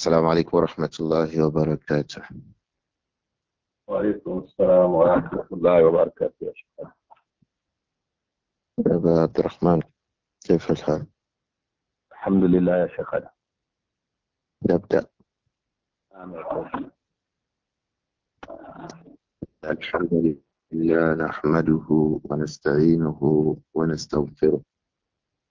السلام عليكم ورحمة الله وبركاته وعليكم السلام ورحمة الله وبركاته يا شيخ أبا عبد الرحمن كيف الحال؟ الحمد لله يا شيخنا نبدأ آمين الحمد لله نحمده ونستعينه ونستغفره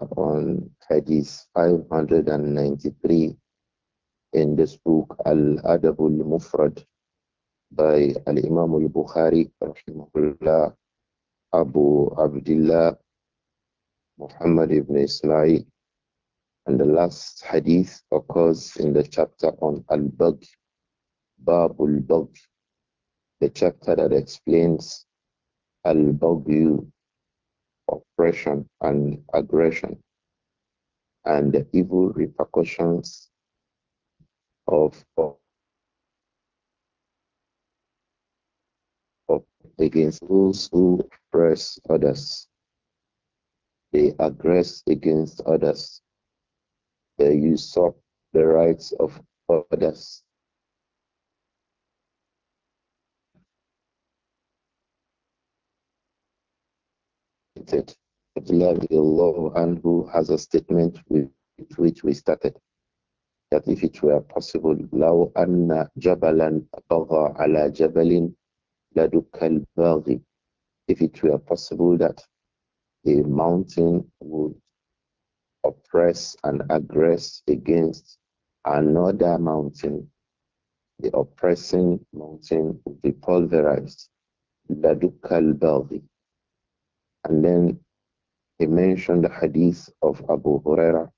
on Hadith 593 in this book, Al Adabul Mufrad, by Al Imam al Bukhari, Rahimahullah, Abu Abdullah, Muhammad ibn Ismail. And the last hadith occurs in the chapter on Al Bagh, Babul Bagh, the chapter that explains Al Bagh oppression and aggression and the evil repercussions of, of, of against those who oppress others. They aggress against others. They usurp the rights of others. narrated, Abdullah anhu has a statement with which we started that if it were possible, law أن جبلا بغى على جبل if it were possible that a mountain would oppress and aggress against another mountain, the oppressing mountain would be pulverized. Ladukal Baldi. And then he mentioned the hadith of Abu Huraira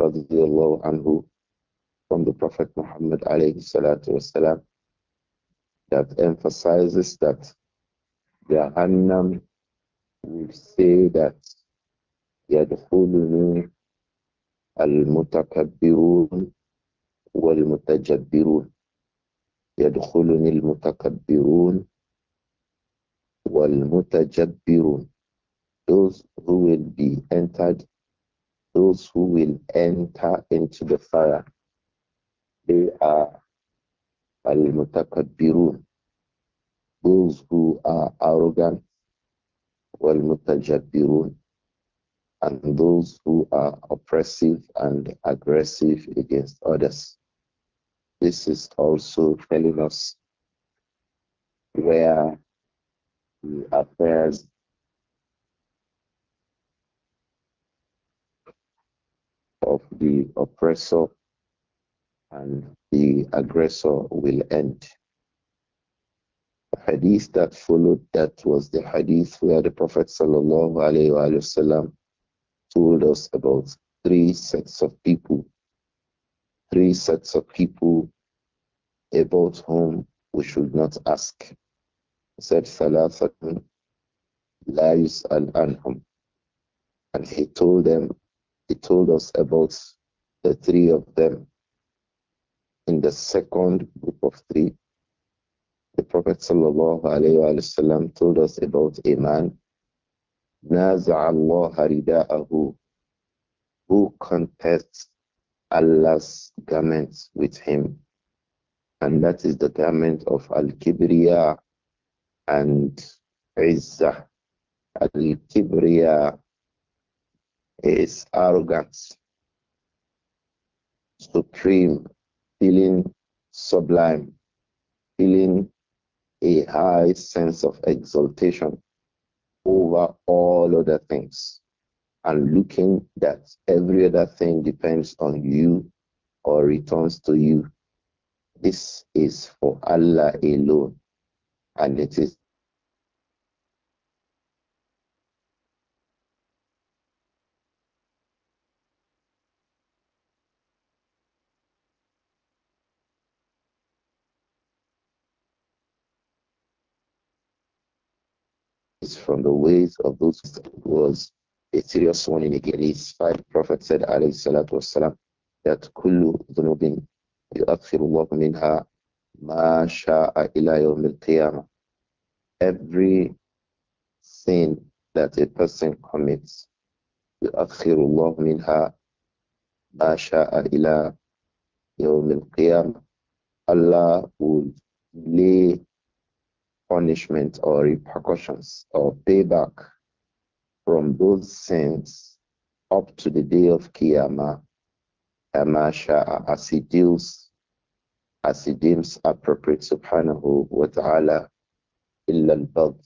anhu from the Prophet Muhammad alayhi that emphasizes that Jahannam will say that يدخلني المتكبرون والمتجبرون يدخلني المتكبرون وَالْمُتَجَبِّرُونَ Those who will be entered, those who will enter into the fire, they are al-mutakabbirun, those who are arrogant, wal-mutajabbirun, and those who are oppressive and aggressive against others. This is also telling us where the affairs of the oppressor and the aggressor will end. The hadith that followed that was the hadith where the Prophet وسلم, told us about three sets of people, three sets of people about whom we should not ask. He said, Salafatun la yus'al anhum. And he told them, he told us about the three of them. In the second group of three, the Prophet وسلم, told us about a man, rida'ahu, who contests Allah's garments with him. And that is the garment of Al Kibriya, and Izzah. al is arrogance, supreme, feeling sublime, feeling a high sense of exaltation over all other things, and looking that every other thing depends on you or returns to you. This is for Allah alone, and it is is from the ways of those who was a serious warning against five prophets said alayhi salatu wasalam that kullu dhunubin yu'akhirullahu minha ma sha'a ila yawm qiyamah every sin that a person commits yu'akhirullahu minha ma sha'a ila yawm qiyamah Allah will lay punishment or repercussions or payback from those sins up to the day of Qiyamah, Amasha, as he deals, as he deems appropriate, subhanahu wa ta'ala, illa al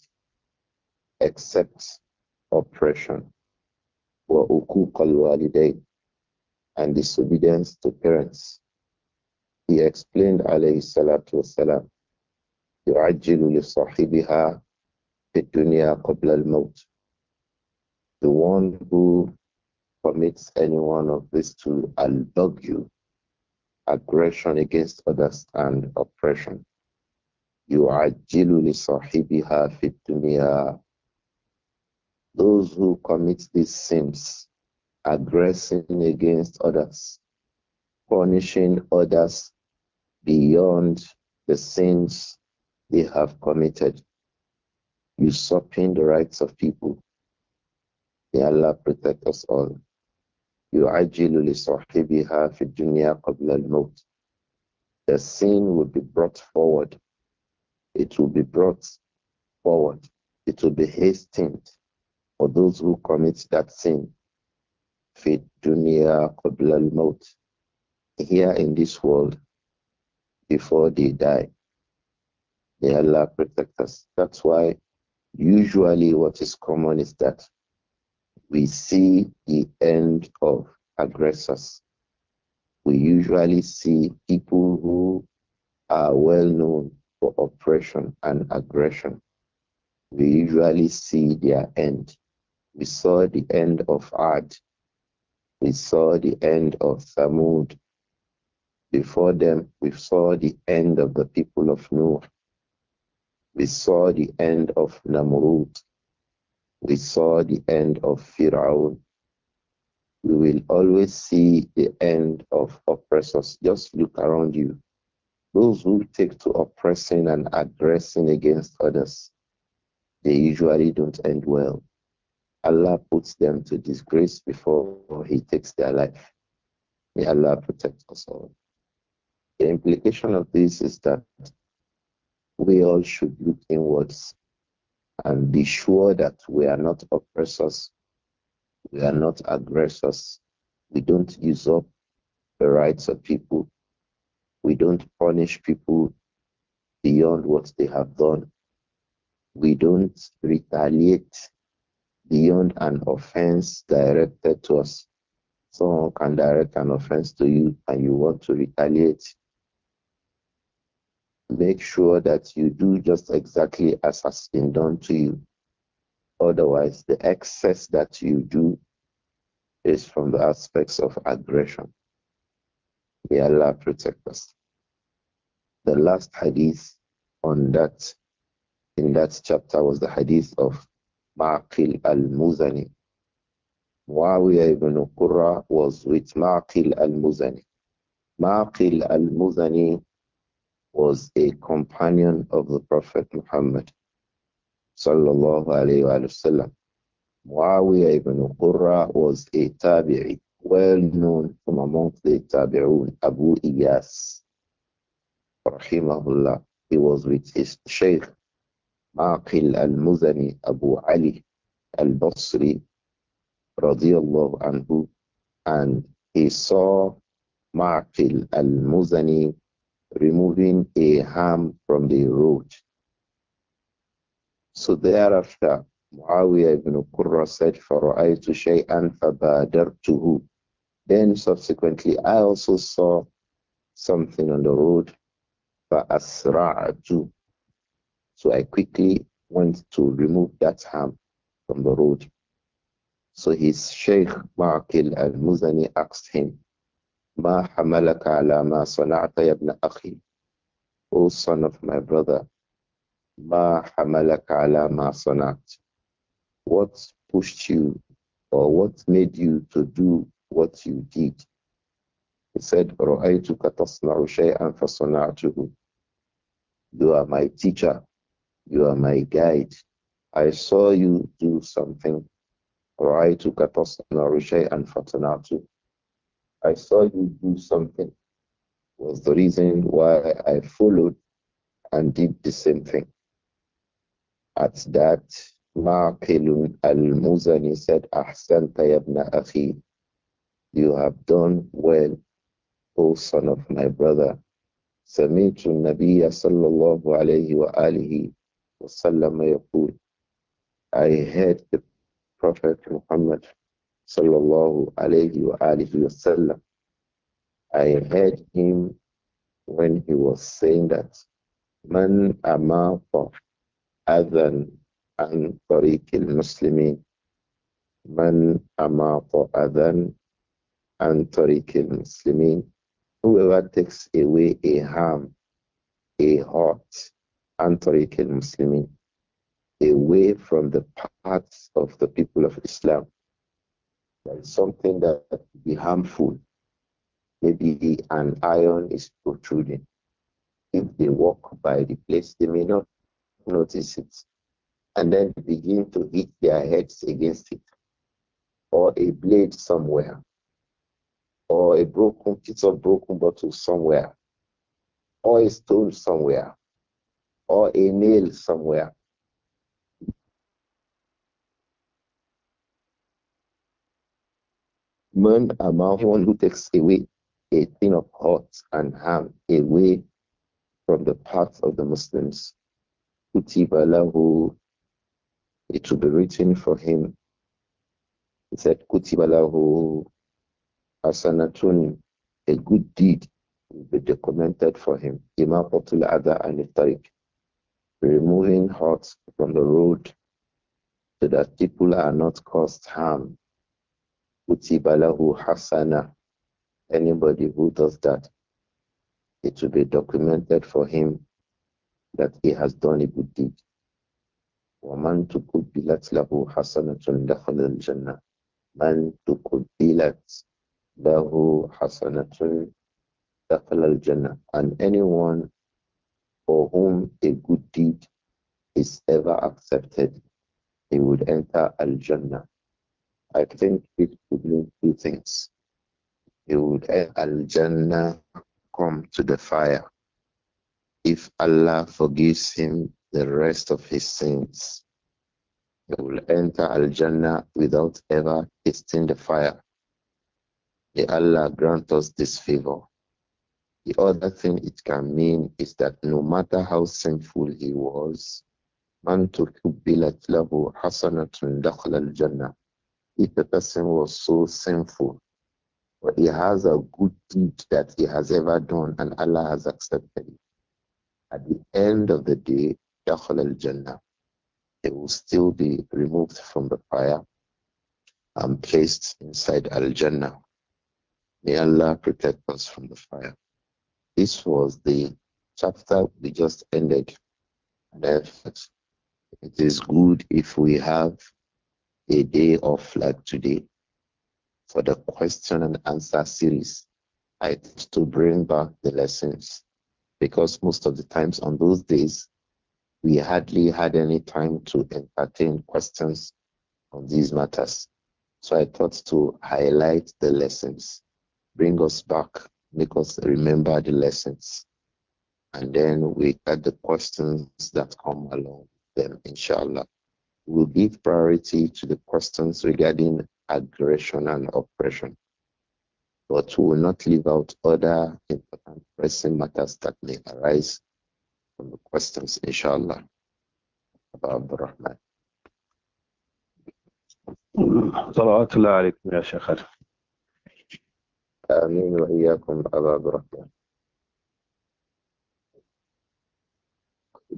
except oppression, wa uquq al and disobedience to parents. He explained, alayhi salatu salam. يعجل لصاحبها في الدنيا قبل الموت the one who permits any one of these to al you, aggression against others and oppression يعجل لصاحبها في الدنيا those who commit these sins aggressing against others punishing others beyond the sins they have committed, usurping the rights of people. May Allah protect us all. The sin will be brought forward. It will be brought forward. It will be hastened for those who commit that sin. Here in this world, before they die. May Allah protect us. That's why usually what is common is that we see the end of aggressors. We usually see people who are well known for oppression and aggression. We usually see their end. We saw the end of Ad. We saw the end of Thamud. Before them, we saw the end of the people of Noah. We saw the end of Namrud. We saw the end of Firaun. We will always see the end of oppressors. Just look around you. Those who take to oppressing and aggressing against others, they usually don't end well. Allah puts them to disgrace before He takes their life. May Allah protect us all. The implication of this is that we all should look inwards and be sure that we are not oppressors, we are not aggressors, we don't use up the rights of people, we don't punish people beyond what they have done, we don't retaliate beyond an offense directed to us. Someone can direct an offense to you and you want to retaliate make sure that you do just exactly as has been done to you. Otherwise, the excess that you do is from the aspects of aggression. May Allah protect us. The last hadith on that in that chapter was the hadith of Maqil al-Muzani. Muawiyah ibn Qurra was with Maqil al-Muzani. Maqil al-Muzani was a companion of the Prophet Muhammad sallallahu alayhi wa sallam. Muawiyah ibn Qurra was a tabi'i, well known from amongst the tabi'un, Abu Iyas, rahimahullah. He was with his sheikh, Maqil al-Muzani, Abu Ali al-Basri, radiyallahu anhu, and he saw Maqil al-Muzani removing a harm from the road. So thereafter, Muawiyah ibn Qurra said, فَرَأَيْتُ شَيْئًا فَبَادَرْتُهُ Then subsequently, I also saw something on the road, فَأَسْرَعْتُ So I quickly went to remove that harm from the road. So his Sheikh Maqil al-Muzani asked him, ما حملك على ما صنعت يا ابن أخي O son of my brother ما حملك على ما صنعت What pushed you or what made you to do what you did He said رأيتك تصنع شيئا فصنعته You are my teacher You are my guide I saw you do something رأيتك تصنع شيئا فصنعته I saw you do something was the reason why I followed and did the same thing. At that, Ma'qilun al-Muzani said, Ahsan ibn akhi, you have done well, O son of my brother. سمعت النبي صلى الله عليه وآله وسلم يقول I heard the Prophet Muhammad sallallahu alayhi wa alihi wasallam. I heard him when he was saying that man amata adhan an tariqil muslimin man amata adhan an tariqil muslimin whoever takes away a harm a heart, an tariqil muslimin away from the paths of the people of Islam there is something that, that could be harmful. Maybe an iron is protruding. If they walk by the place, they may not notice it. And then they begin to hit their heads against it. Or a blade somewhere. Or a broken piece of broken bottle somewhere. Or a stone somewhere. Or a nail somewhere Man among one who takes away a thing of hurt and harm away from the path of the Muslims. Kutiba lahu, it will be written for him. He said, Kutiba lahu asanatun, a good deed will be documented for him. Imapatul adha and tariq, removing hearts from the road so that people are not caused harm Kutibalahu Hasana. Anybody who does that, it will be documented for him that he has done a good deed. وَمَنْ تُقُبِّلَتْ لَهُ حَسَنَةٌ دَخَلَ الْجَنَّةِ مَنْ تُقُبِّلَتْ لَهُ حَسَنَةٌ al jannah. And anyone for whom a good deed is ever accepted, he would enter Al-Jannah. I think it could mean two things. He would Al Jannah come to the fire if Allah forgives him the rest of his sins. He will enter Al Jannah without ever tasting the fire. May Allah grant us this favor. The other thing it can mean is that no matter how sinful he was, man tukubbilat lahu hasanatun dakhla al-jannah if a person was so sinful, but he has a good deed that he has ever done and Allah has accepted it. At the end of the day, Dakhul al Jannah, it will still be removed from the fire and placed inside Al Jannah. May Allah protect us from the fire. This was the chapter we just ended. And it is good if we have a day off like today for the question and answer series. I to bring back the lessons because most of the times on those days, we hardly had any time to entertain questions on these matters. So I thought to highlight the lessons, bring us back, make us remember the lessons, and then we get the questions that come along with them, inshallah will give priority to the questions regarding aggression and oppression, but we will not leave out other important pressing matters that may arise from the questions, inshallah, about the Rahman. صلوات الله عليكم يا شيخنا آمين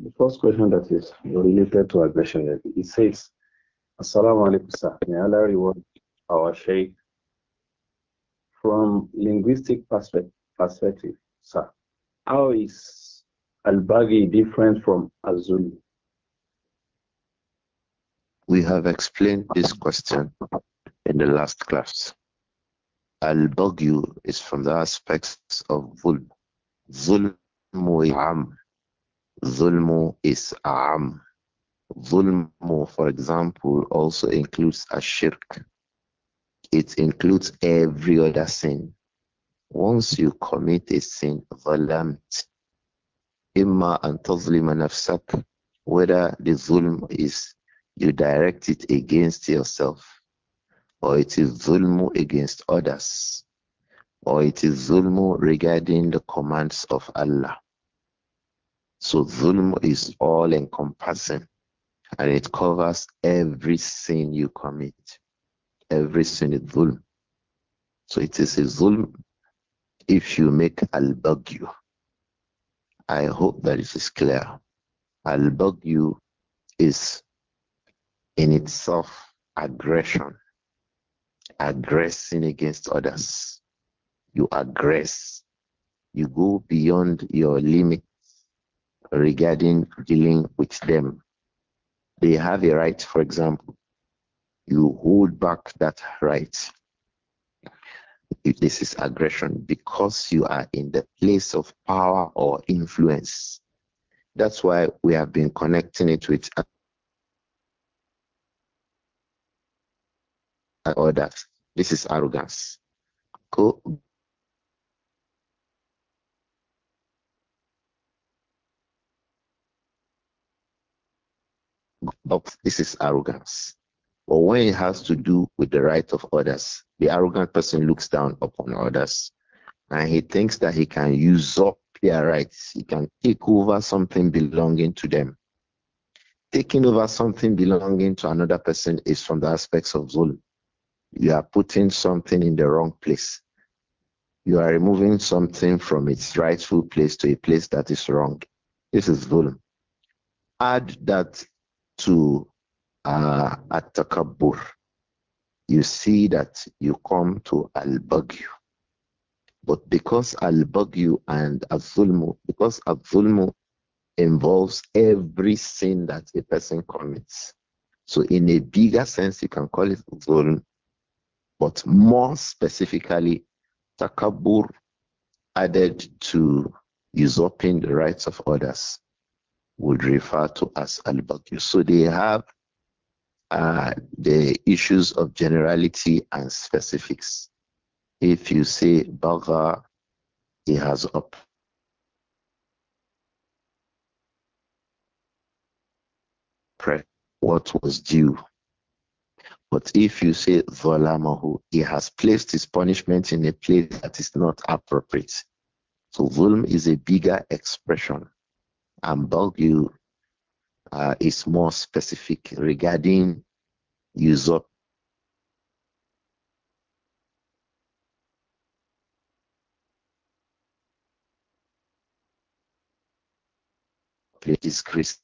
the first question that is related to aggression, it says, Assalamu alaikum, sir. May Allah reward our Shaykh from linguistic perspective, perspective sir. How is Al-Baghi different from Azuli? We have explained this question in the last class. Al-Baghi is from the aspects of Zulm. Zulm Zulmu is a'am. Zulmu, for example, also includes a shirk. It includes every other sin. Once you commit a sin, ظلمت إما أن تظلم نفسك whether the zulm is you direct it against yourself or it is zulmu against others or it is zulmu regarding the commands of Allah so zulm is all encompassing and it covers every sin you commit. Every sin is zulm. So it is a zulm if you make al you. I hope that it is clear. al you is in itself aggression, aggressing against others. You aggress, you go beyond your limit regarding dealing with them. They have a right, for example, you hold back that right. If this is aggression, because you are in the place of power or influence. That's why we have been connecting it with others. This is arrogance. Go But This is arrogance. But when it has to do with the right of others, the arrogant person looks down upon others and he thinks that he can usurp their rights. He can take over something belonging to them. Taking over something belonging to another person is from the aspects of zulm. You are putting something in the wrong place. You are removing something from its rightful place to a place that is wrong. This is zulm. Add that to uh, at you see that you come to al-bagyu. But because al-bagyu and Azulmu, because Azulmu involves every sin that a person commits. So in a bigger sense, you can call it zulm, but more specifically, takabbur added to usurping the rights of others would refer to as al-baqi. So they have uh, the issues of generality and specifics. If you say bagha, he has up. What was due. But if you say Zolamahu, he has placed his punishment in a place that is not appropriate. So Zulm is a bigger expression and uh, is more specific regarding usurp It is Christ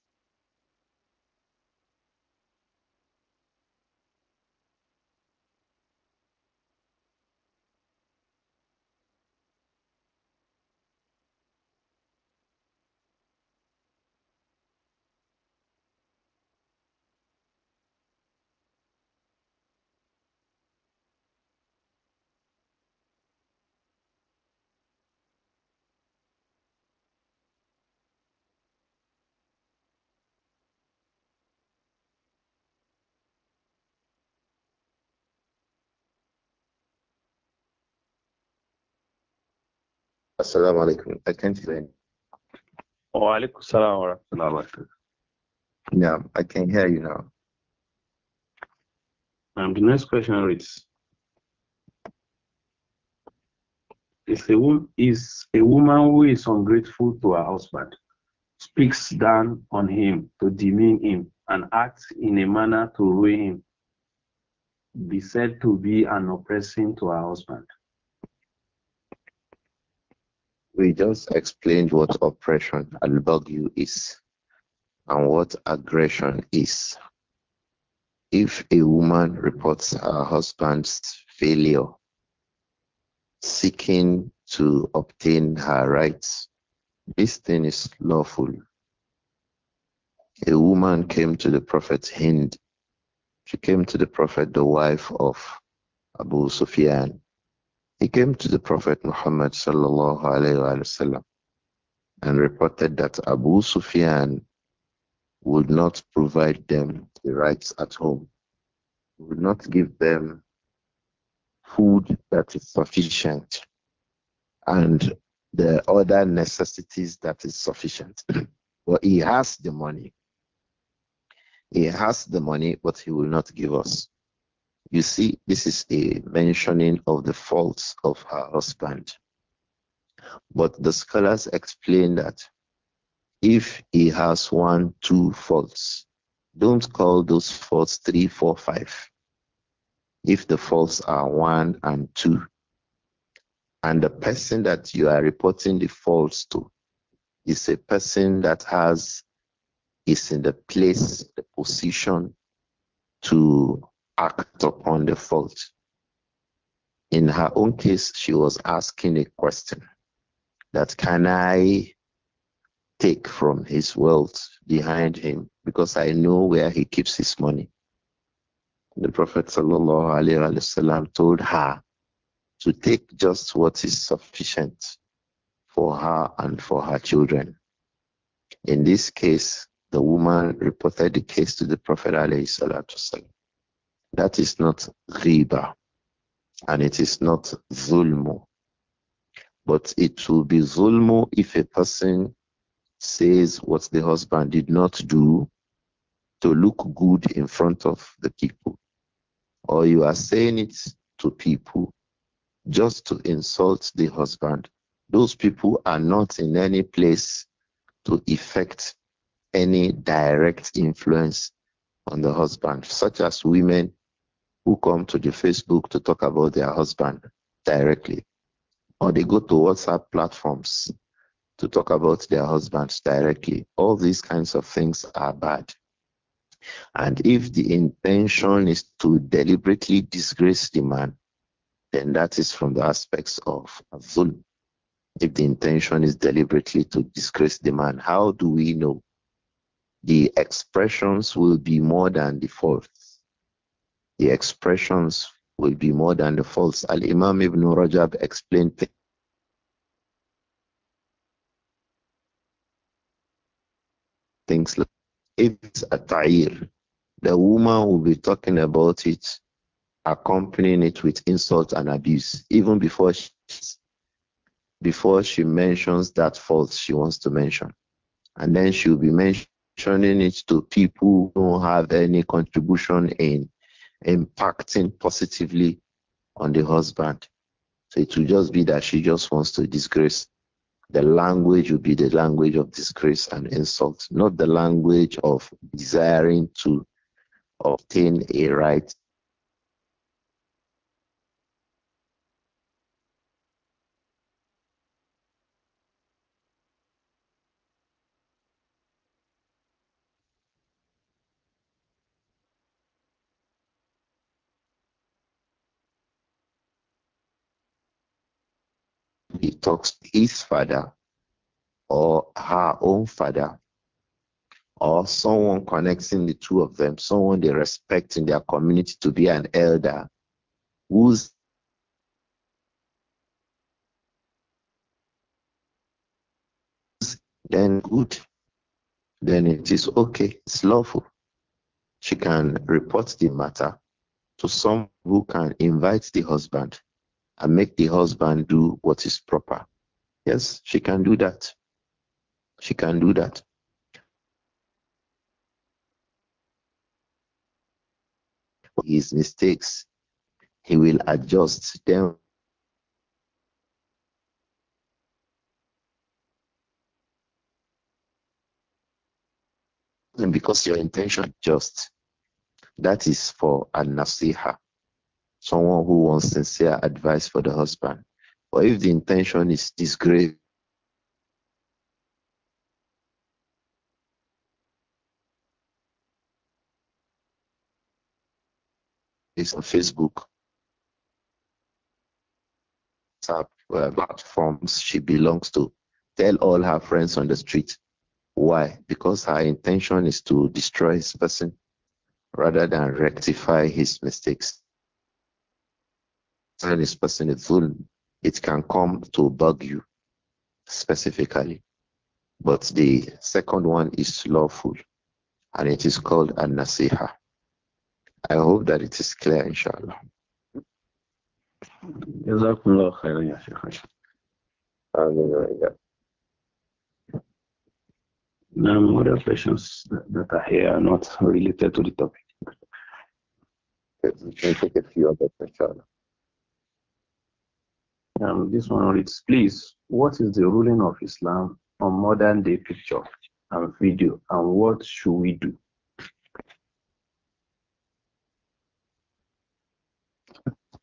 السلام عليكم I can't hear you وعليكم السلام ورحمة الله وبركاته نعم I can hear you now and the next question reads is a, is a woman who is ungrateful to her husband speaks down on him to demean him and acts in a manner to ruin him be said to be an oppressing to her husband we just explained what oppression al-bagyu is and what aggression is. If a woman reports her husband's failure, seeking to obtain her rights, this thing is lawful. A woman came to the Prophet Hind. She came to the Prophet, the wife of Abu Sufyan. He came to the Prophet Muhammad and reported that Abu Sufyan would not provide them the rights at home, would not give them food that is sufficient and the other necessities that is sufficient. but he has the money. He has the money, but he will not give us. You see, this is a mentioning of the faults of her husband. But the scholars explain that if he has one, two faults, don't call those faults three, four, five. If the faults are one and two, and the person that you are reporting the faults to is a person that has is in the place, the position to act upon the fault. In her own case, she was asking a question that can I take from his wealth behind him because I know where he keeps his money. The Prophet ﷺ told her to take just what is sufficient for her and for her children. In this case, the woman reported the case to the Prophet ﷺ. That is not riba and it is not zulmu. But it will be zulmu if a person says what the husband did not do to look good in front of the people. Or you are saying it to people just to insult the husband. Those people are not in any place to effect any direct influence on the husband, such as women who come to the Facebook to talk about their husband directly, or they go to WhatsApp platforms to talk about their husbands directly. All these kinds of things are bad. And if the intention is to deliberately disgrace the man, then that is from the aspects of Azul. If the intention is deliberately to disgrace the man, how do we know? The expressions will be more than the fourth the expressions will be more than the false. Al Imam Ibn Rajab explained things like it's a ta'ir. The woman will be talking about it, accompanying it with insult and abuse, even before she, before she mentions that fault she wants to mention. And then she'll be mentioning it to people who don't have any contribution in impacting positively on the husband. So it will just be that she just wants to disgrace. The language will be the language of disgrace and insult, not the language of desiring to obtain a right talks to his father or her own father or someone connecting the two of them, someone they respect in their community to be an elder who's then good, then it is okay, it's lawful. She can report the matter to someone who can invite the husband and make the husband do what is proper. Yes, she can do that. She can do that. His mistakes, he will adjust them. And because your intention just that is for an nasiha someone who wants sincere advice for the husband. But if the intention is disgrace, is on Facebook, WhatsApp uh, platforms she belongs to, tell all her friends on the street. Why? Because her intention is to destroy his person rather than rectify his mistakes concerning his person is zulm, it can come to bug you specifically. But the second one is lawful and it is called an nasiha. I hope that it is clear, inshallah. Jazakumullah khairan, ya Sheikh. Amen. Now, more reflections that are here are not related to the topic. let we take a few others, inshallah um, this one reads, please, what is the ruling of Islam on modern day picture and video, and what should we do?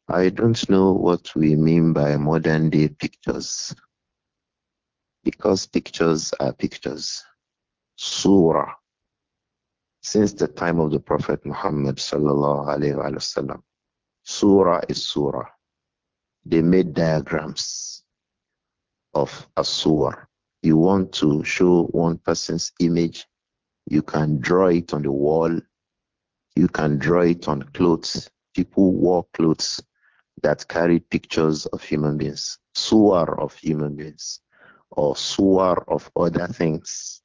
I don't know what we mean by modern day pictures because pictures are pictures. Surah, since the time of the Prophet Muhammad sallallahu alaihi wasallam, surah is surah they made diagrams of a sewer. You want to show one person's image, you can draw it on the wall, you can draw it on clothes. People wore clothes that carried pictures of human beings, sewer of human beings, or sewer of other things.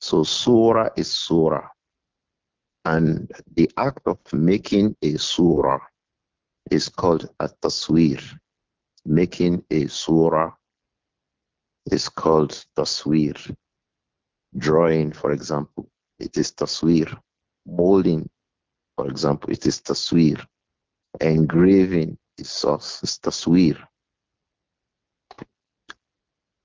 So surah is surah. And the act of making a surah is called a taswir. Making a surah is called taswir. Drawing, for example, it is taswir. Molding, for example, it is taswir. Engraving is also taswir.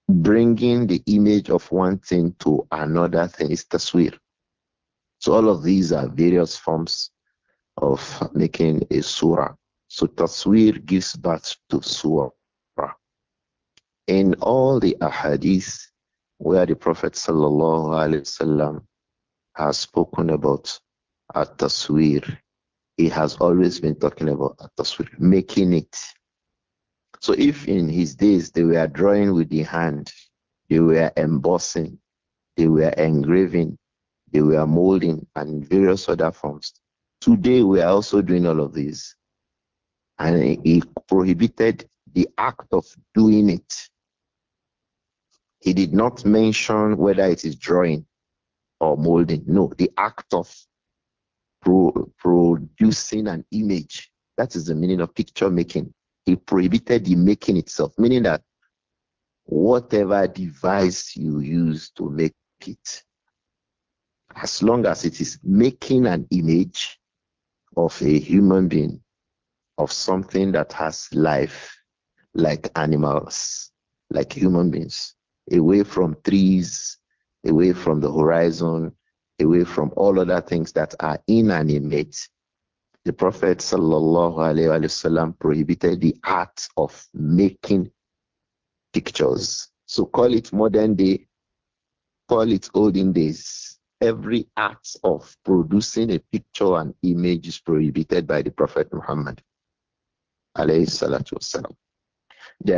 Bringing the image of one thing to another thing is taswir. So all of these are various forms of making a surah. So taswir gives birth to Suwara. In all the ahadith where the Prophet وسلم, has spoken about at taswir, he has always been talking about at taswir, making it. So if in his days they were drawing with the hand, they were embossing, they were engraving, they were molding, and various other forms. Today we are also doing all of these and he prohibited the act of doing it. He did not mention whether it is drawing or molding. No, the act of pro producing an image. That is the meaning of picture making. He prohibited the making itself, meaning that whatever device you use to make it, as long as it is making an image of a human being, of something that has life, like animals, like human beings, away from trees, away from the horizon, away from all other things that are inanimate. The Prophet وسلم, prohibited the art of making pictures. So call it modern day, call it olden days. Every act of producing a picture and image is prohibited by the Prophet Muhammad. There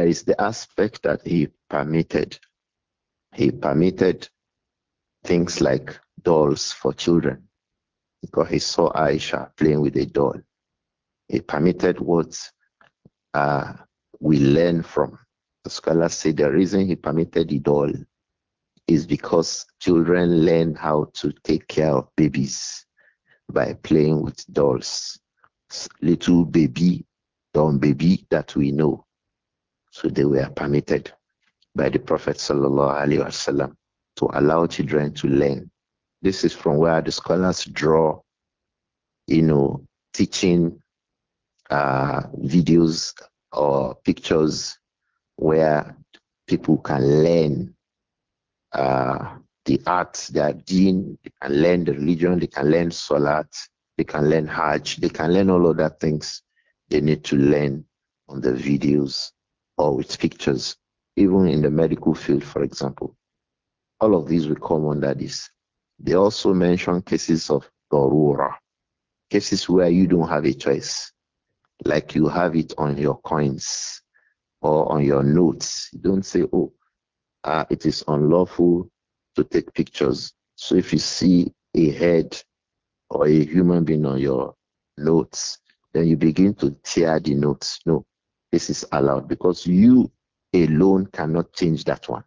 is the aspect that he permitted. He permitted things like dolls for children because he saw Aisha playing with a doll. He permitted what uh, we learn from. The scholars say the reason he permitted the doll is because children learn how to take care of babies by playing with dolls. Little baby from baby that we know. So they were permitted by the Prophet wasallam to allow children to learn. This is from where the scholars draw, you know, teaching uh, videos or pictures where people can learn uh, the arts, their deen, they can learn the religion, they can learn salat, they can learn hajj, they can learn all other things they need to learn on the videos or with pictures, even in the medical field, for example. All of these will come under this. They also mention cases of Dorura, cases where you don't have a choice, like you have it on your coins or on your notes. You don't say, oh, uh, it is unlawful to take pictures. So if you see a head or a human being on your notes, then you begin to tear the notes. No, this is allowed because you alone cannot change that one.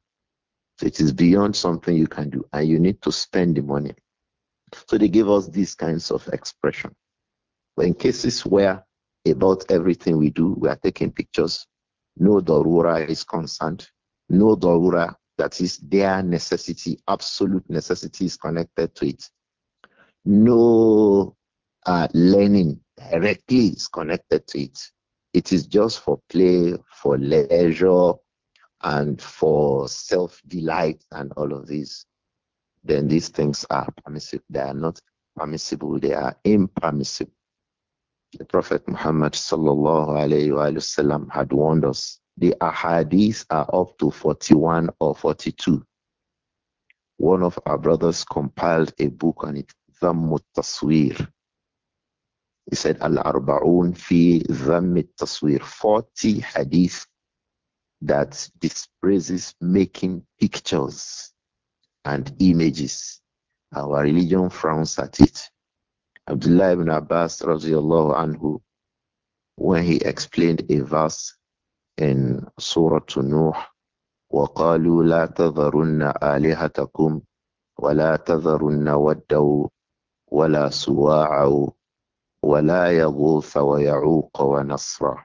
So it is beyond something you can do, and you need to spend the money. So they gave us these kinds of expression. But in cases where about everything we do, we are taking pictures, no darura is concerned, no darura, that is their necessity, absolute necessity is connected to it. No our learning directly is connected to it. It is just for play, for leisure, and for self delight and all of these. Then these things are permissible. They are not permissible. They are impermissible. The Prophet Muhammad sallallahu alaihi wasallam had warned us. The ahadith are up to 41 or 42. One of our brothers compiled a book on it, the Mutaswir. He said, Al Arba'un fi Dhammit Taswir, 40 hadith that dispraises making pictures and images. Our religion frowns at it. Abdullah ibn Abbas, anhu, when he explained a verse in Surah Nuh, وقالوا لا تذرن آلهتكم ولا تذرن ودا ولا سواعا وَلَا يَغُوثَ وَيَعُوقَ وَنَصْرَ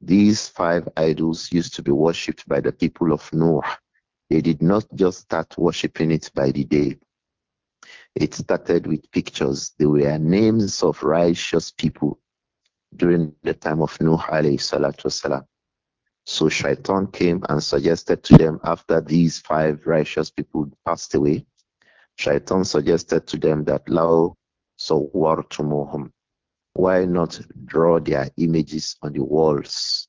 These five idols used to be worshipped by the people of Noah. They did not just start worshipping it by the day. It started with pictures. They were names of righteous people during the time of Nuh alayhi salatu So Shaitan came and suggested to them after these five righteous people passed away, Shaitan suggested to them that Lao Sawartumuhum. Why not draw their images on the walls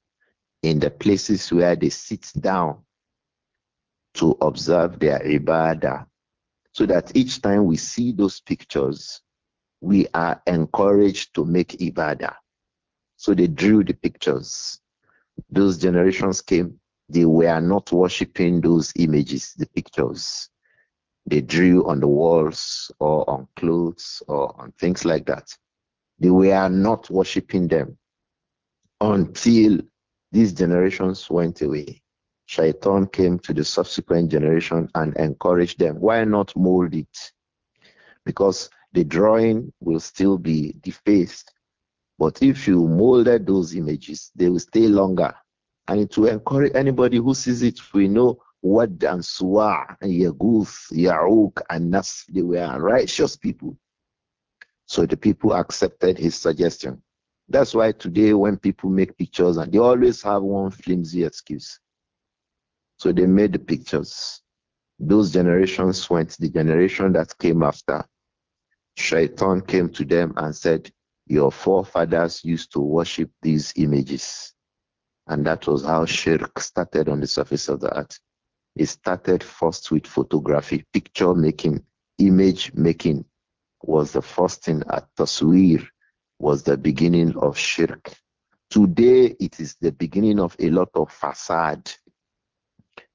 in the places where they sit down to observe their ibadah? So that each time we see those pictures, we are encouraged to make ibadah. So they drew the pictures. Those generations came, they were not worshipping those images, the pictures they drew on the walls or on clothes or on things like that. They were not worshipping them until these generations went away. Shaitan came to the subsequent generation and encouraged them. Why not mold it? Because the drawing will still be defaced. But if you molded those images, they will stay longer. And it will encourage anybody who sees it, we know Wad and Suwa and Yaguth, Ya'uk and Nas, they were righteous people. So the people accepted his suggestion. That's why today, when people make pictures, and they always have one flimsy excuse. So they made the pictures. Those generations went, the generation that came after. Shaitan came to them and said, Your forefathers used to worship these images. And that was how shirk started on the surface of the earth. It started first with photography, picture making, image making, was the fasting at Taswir, was the beginning of shirk. Today, it is the beginning of a lot of facade.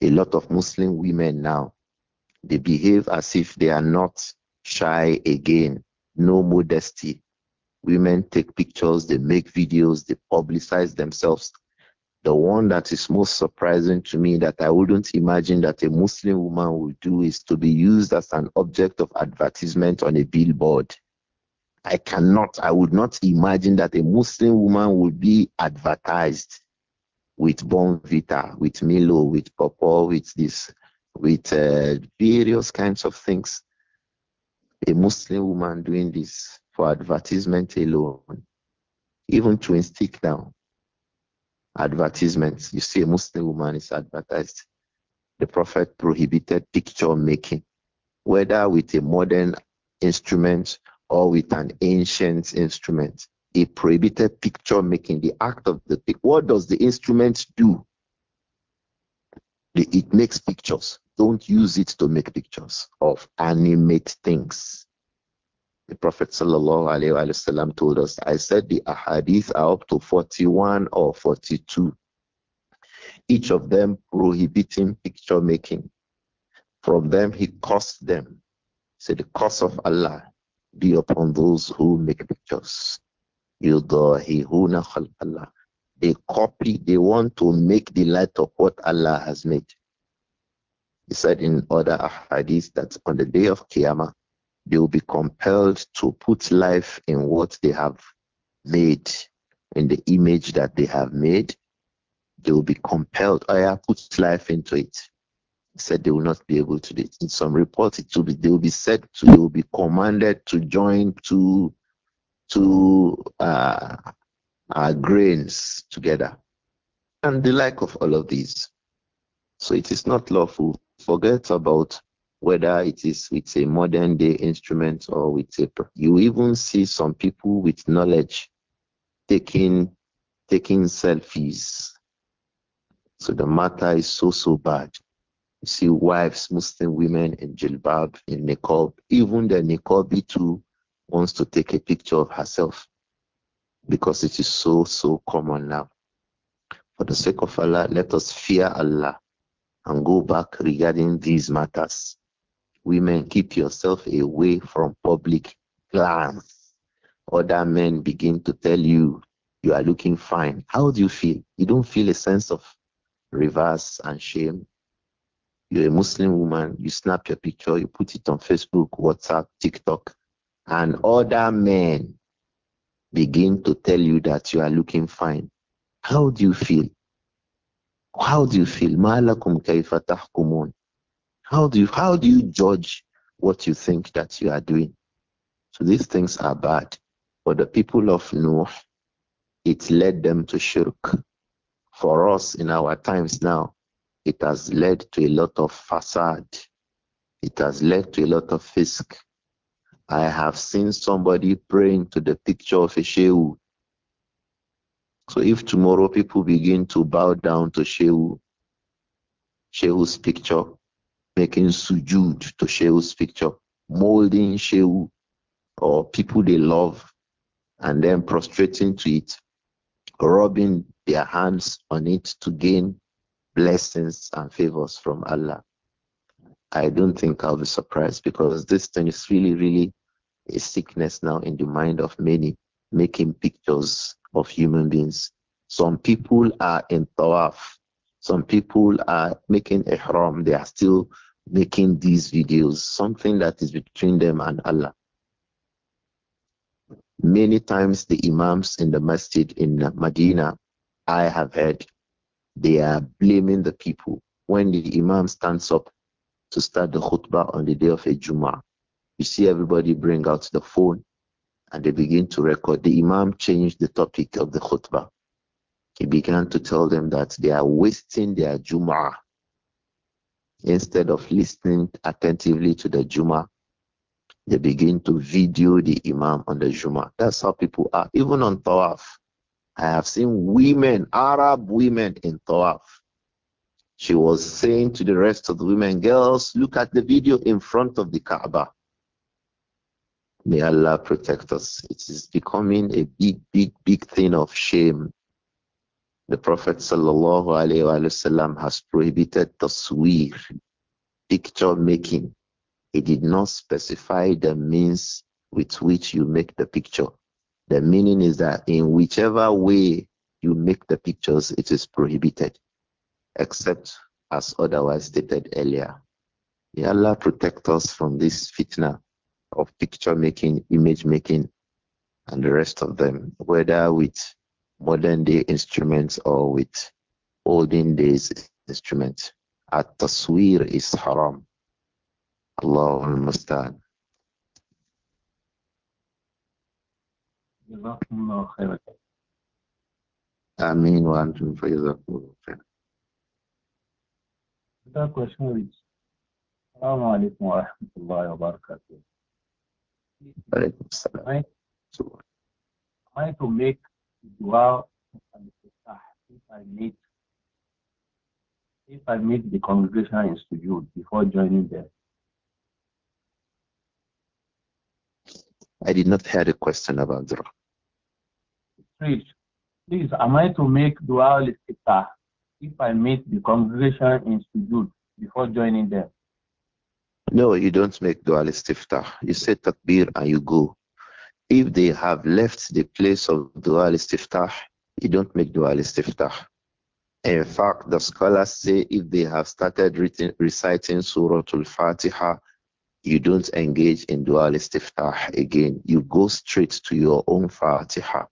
A lot of Muslim women now, they behave as if they are not shy again, no modesty. Women take pictures, they make videos, they publicize themselves the one that is most surprising to me that I wouldn't imagine that a Muslim woman would do is to be used as an object of advertisement on a billboard. I cannot, I would not imagine that a Muslim woman would be advertised with Bonvita, with Milo, with Popo, with this, with uh, various kinds of things. A Muslim woman doing this for advertisement alone, even to stick down advertisements. You see, a Muslim woman is advertised. The Prophet prohibited picture making, whether with a modern instrument or with an ancient instrument. He prohibited picture making, the act of the What does the instrument do? It makes pictures. Don't use it to make pictures of animate things. The Prophet وسلم, told us, I said the ahadith are up to 41 or 42, each of them prohibiting picture making. From them, he cursed them. Say, the curse of Allah be upon those who make pictures. Allah. They copy, they want to make the light of what Allah has made. He said in other hadiths that on the day of Qiyamah, they will be compelled to put life in what they have made, in the image that they have made. They will be compelled, I oh have put life into it. He said they will not be able to do it. In some reports, it will be they will be said to, they will be commanded to join two two uh, uh, grains together, and the like of all of these. So it is not lawful. Forget about whether it is with a modern day instrument or with a you even see some people with knowledge taking taking selfies so the matter is so so bad you see wives muslim women in jilbab in niqab even the niqabi too wants to take a picture of herself because it is so so common now for the sake of allah let us fear allah and go back regarding these matters Women, keep yourself away from public glance. Other men begin to tell you you are looking fine. How do you feel? You don't feel a sense of reverse and shame. You're a Muslim woman, you snap your picture, you put it on Facebook, WhatsApp, TikTok, and other men begin to tell you that you are looking fine. How do you feel? How do you feel? Malakum how do you, how do you judge what you think that you are doing? So these things are bad. For the people of Noah, it led them to shirk. For us in our times now, it has led to a lot of facade. It has led to a lot of fisk. I have seen somebody praying to the picture of a Shehu. So if tomorrow people begin to bow down to Shehu, Shehu's picture, making sujud to Sheu's picture, molding Sheu or people they love, and then prostrating to it, rubbing their hands on it to gain blessings and favors from Allah. I don't think I'll be surprised because this thing is really, really a sickness now in the mind of many, making pictures of human beings. Some people are in tawaf, some people are making ihram, they are still making these videos something that is between them and Allah. Many times the imams in the masjid in Medina, I have heard, they are blaming the people. When the imam stands up to start the khutbah on the day of a Jummah, you see everybody bring out the phone and they begin to record. The imam changed the topic of the khutbah. He began to tell them that they are wasting their Jummah Instead of listening attentively to the Juma, they begin to video the Imam on the Juma. That's how people are. Even on Tawaf, I have seen women, Arab women in Tawaf. She was saying to the rest of the women, girls, look at the video in front of the Kaaba. May Allah protect us. It is becoming a big, big, big thing of shame the Prophet وسلم, has prohibited taswir, picture making. He did not specify the means with which you make the picture. The meaning is that in whichever way you make the pictures, it is prohibited, except as otherwise stated earlier. May Allah protect us from this fitna of picture making, image making, and the rest of them, whether with modern day instruments or with olden days instruments. At taswir is haram. Allah al-Mustan. wa antum fayazakum That question Assalamu alaikum wa rahmatullahi wa barakatuh. Am I to make dua If I meet, if I meet the congregation in sujood before joining them. I did not hear the question about Abdurrah. Please, please, am I to make dua al if I meet the congregation in sujood before joining them? No, you don't make dua al-istiftah. You say takbir and you go. If they have left the place of dua al-istiftah, you don't make dua al-istiftah. In fact, the scholars say if they have started reciting Surah Al-Fatiha, you don't engage in dua al-istiftah again. You go straight to your own Fatiha.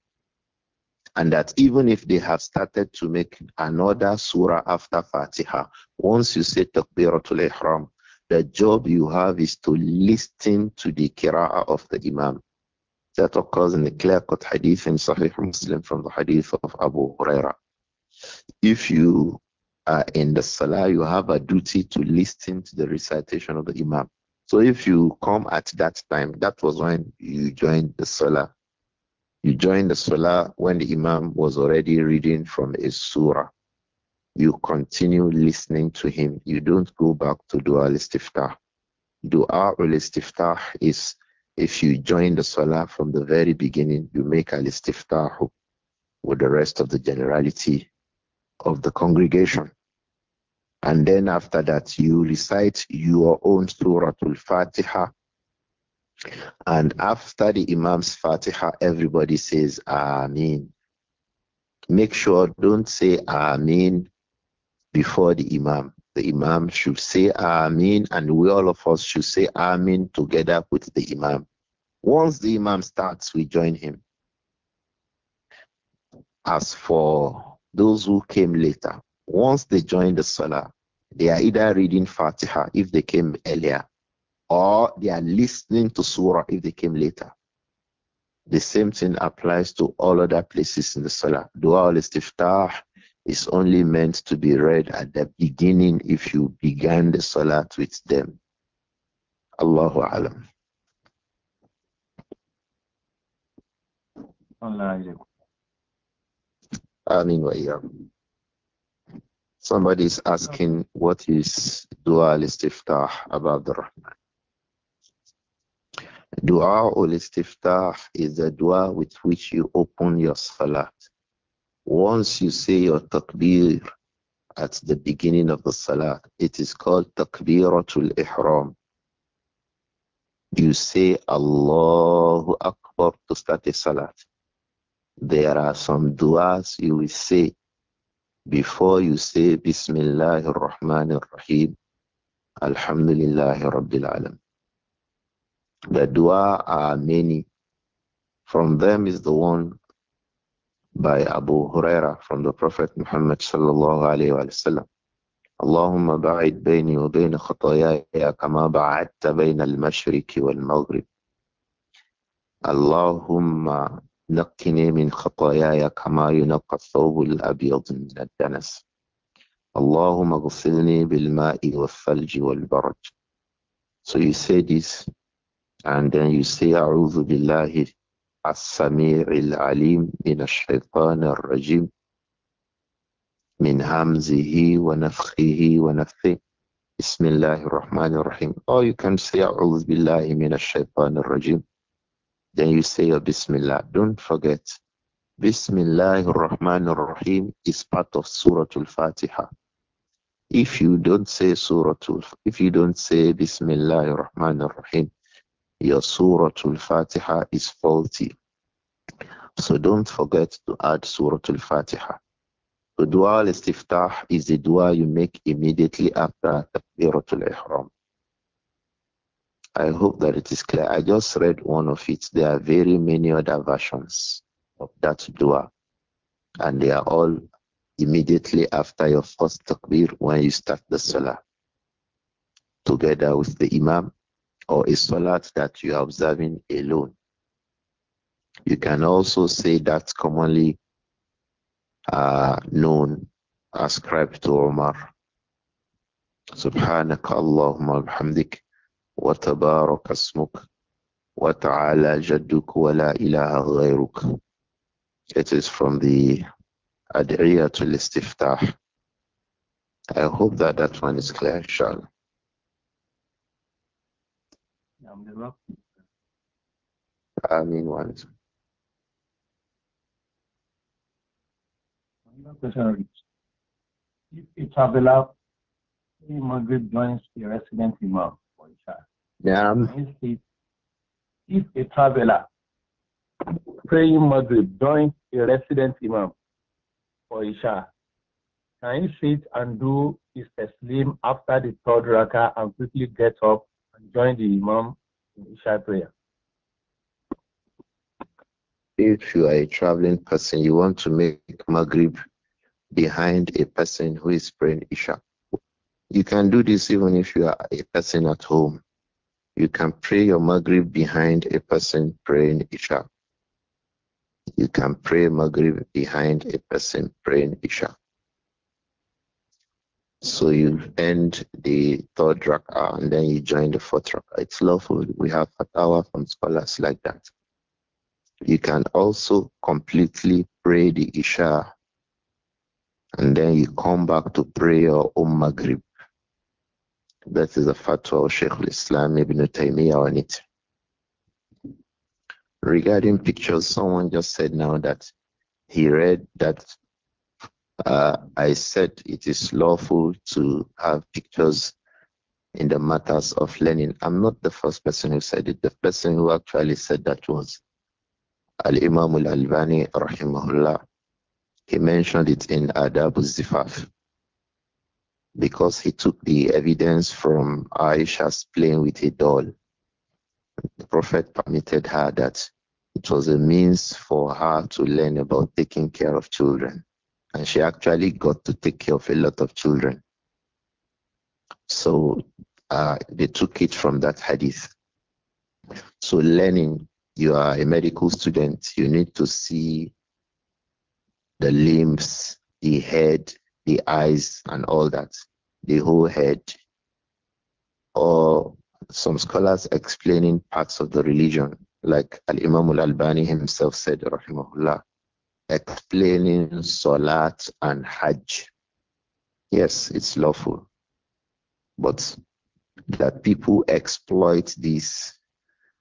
And that even if they have started to make another surah after Fatiha, once you say Takbiratul Ihram, the job you have is to listen to the kiraah of the Imam. That occurs in the clear-cut hadith in Sahih Muslim from the hadith of Abu Huraira. If you are in the salah, you have a duty to listen to the recitation of the imam. So if you come at that time, that was when you joined the salah. You joined the salah when the imam was already reading from a surah. You continue listening to him. You don't go back to dua al-istiftah. Dua al-istiftah is if you join the salah from the very beginning, you make al istiftahu with the rest of the generality of the congregation. And then after that, you recite your own Surah Al Fatiha. And after the Imam's Fatiha, everybody says Ameen. Make sure, don't say Ameen before the Imam. The Imam should say Amin, and we all of us should say Amin together with the Imam. Once the Imam starts, we join him. As for those who came later, once they join the Salah, they are either reading Fatiha if they came earlier, or they are listening to Surah if they came later. The same thing applies to all other places in the Salah. Dua al-istiftah, is only meant to be read at the beginning if you began the salat with them. Allahu alam. Somebody is asking what is dua al-istiftah about the Rahman. Dua al-istiftah is the dua with which you open your salah. Once you say your takbir at the beginning of the salah, it is called takbiratul ihram. You say Allahu Akbar to start a salah. There are some du'as you will say before you say Bismillahir Rahmanir Rahim, Alhamdulillahi Rabbil Alam. The dua are many. From them is the one by Abu Huraira from the Prophet Muhammad sallallahu alayhi wa sallam. اللهم باعد بيني وبين خطاياي كما بعدت بين المشرق والمغرب اللهم نقني من خطاياي كما ينقى الثوب الأبيض من الدنس اللهم اغسلني بالماء والثلج والبرد So you say this and then you say أعوذ بالله السميع العليم من الشيطان الرجيم من همزه ونفخه ونفخه بسم الله الرحمن الرحيم Oh, you can say أعوذ بالله من الشيطان الرجيم then you say your Bismillah don't forget Bismillah ar-Rahman ar-Rahim is part of Surah Al-Fatiha if you don't say Surah if you don't say Bismillah ar-Rahman ar-Rahim your Suratul Fatiha is faulty. So don't forget to add Suratul Fatiha. The dua al-istiftah is the dua you make immediately after Takbiratul Ihram. I hope that it is clear. I just read one of it. There are very many other versions of that dua, and they are all immediately after your first takbir when you start the salah, together with the imam or a salat that you are observing alone. You can also say that commonly uh, known, ascribed to Omar. سبحانك اللهم وبحمدك وتبارك اسمك وتعالى جدك ولا إله غيرك. It is from the Ad'iyatul Istiftah. I hope that that one is clear, inshallah from the rock. آمين وأنتم If Abdullah Maghrib joins the resident Imam for Isha, yeah. if, a traveler praying Maghrib joins the resident Imam for Isha, can he sit and do his Taslim after the third raka and quickly get up and join the Imam Shapriya. If you are a traveling person, you want to make Maghrib behind a person who is praying Isha. You can do this even if you are a person at home. You can pray your Maghrib behind a person praying Isha. You can pray Maghrib behind a person praying Isha. So you end the third rak'ah uh, and then you join the fourth rak'ah. It's lawful. We have fatwa from scholars like that. You can also completely pray the Isha and then you come back to pray your Um Maghrib. That is a fatwa of Sheikh al-Islam Ibn Taymiyyah on it. Regarding pictures, someone just said now that he read that uh, I said it is lawful to have pictures in the matters of learning. I'm not the first person who said it. The person who actually said that was Al Imam Al Albani, rahimahullah. He mentioned it in Adab Zifaf because he took the evidence from Aisha's playing with a doll. The Prophet permitted her that it was a means for her to learn about taking care of children and she actually got to take care of a lot of children. So uh, they took it from that hadith. So learning, you are a medical student, you need to see the limbs, the head, the eyes, and all that, the whole head. Or some scholars explaining parts of the religion, like Al Imam Al Albani himself said, Rahimahullah, explaining Salat and Hajj. Yes, it's lawful. But that people exploit this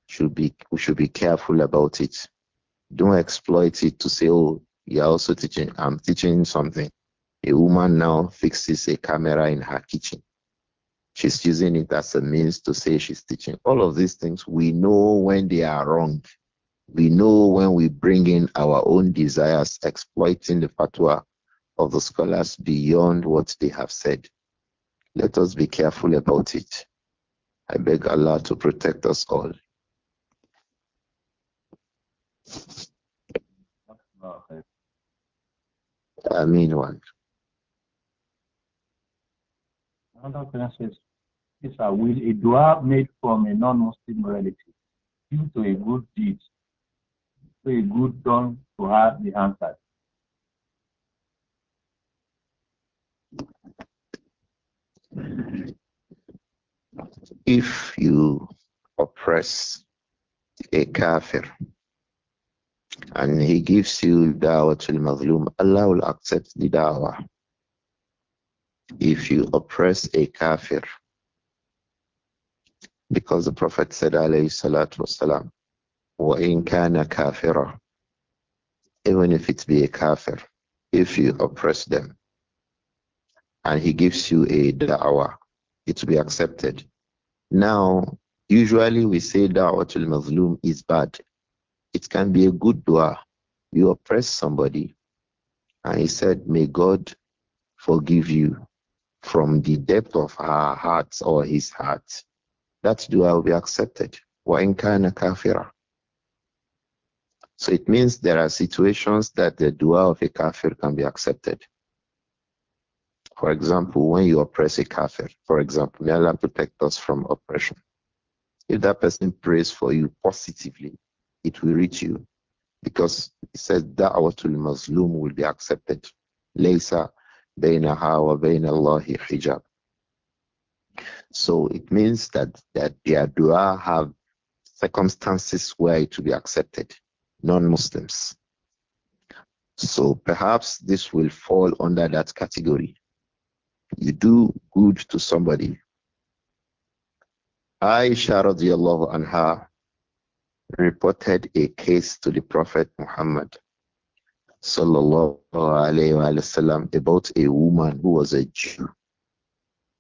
should be we should be careful about it. Don't exploit it to say, Oh, you're also teaching I'm teaching something. A woman now fixes a camera in her kitchen. She's using it as a means to say she's teaching. All of these things we know when they are wrong. We know when we bring in our own desires, exploiting the fatwa of the scholars beyond what they have said. Let us be careful about it. I beg Allah to protect us all. I mean one. Another question says, sir, will a dua made from a non-Muslim relative due to a good deed so a good done to have the answer. If you oppress a kafir and he gives you dawah to mazlum, Allah will accept the dawah. If you oppress a kafir, because the Prophet said, alayhi salatu wasalam, وَإِن كَانَ كَافِرًا Even if it be a kafir, if you oppress them, and he gives you a da'wah, it will be accepted. Now, usually we say to mazlum is bad. It can be a good dua. You oppress somebody, and he said, May God forgive you from the depth of her heart or his heart. That dua will be accepted. وَإِن كَانَ كَافِرًا so it means there are situations that the dua of a kafir can be accepted. For example, when you oppress a kafir, for example, may Allah protect us from oppression. If that person prays for you positively, it will reach you because it says da'watul mazlum will be accepted. Laysa bainaha wa bain Allahi hijab. So it means that, that their dua have circumstances where it will be accepted non-Muslims. So perhaps this will fall under that category. You do good to somebody. Aisha radiallahu anha reported a case to the Prophet Muhammad sallallahu alayhi wa about a woman who was a Jew.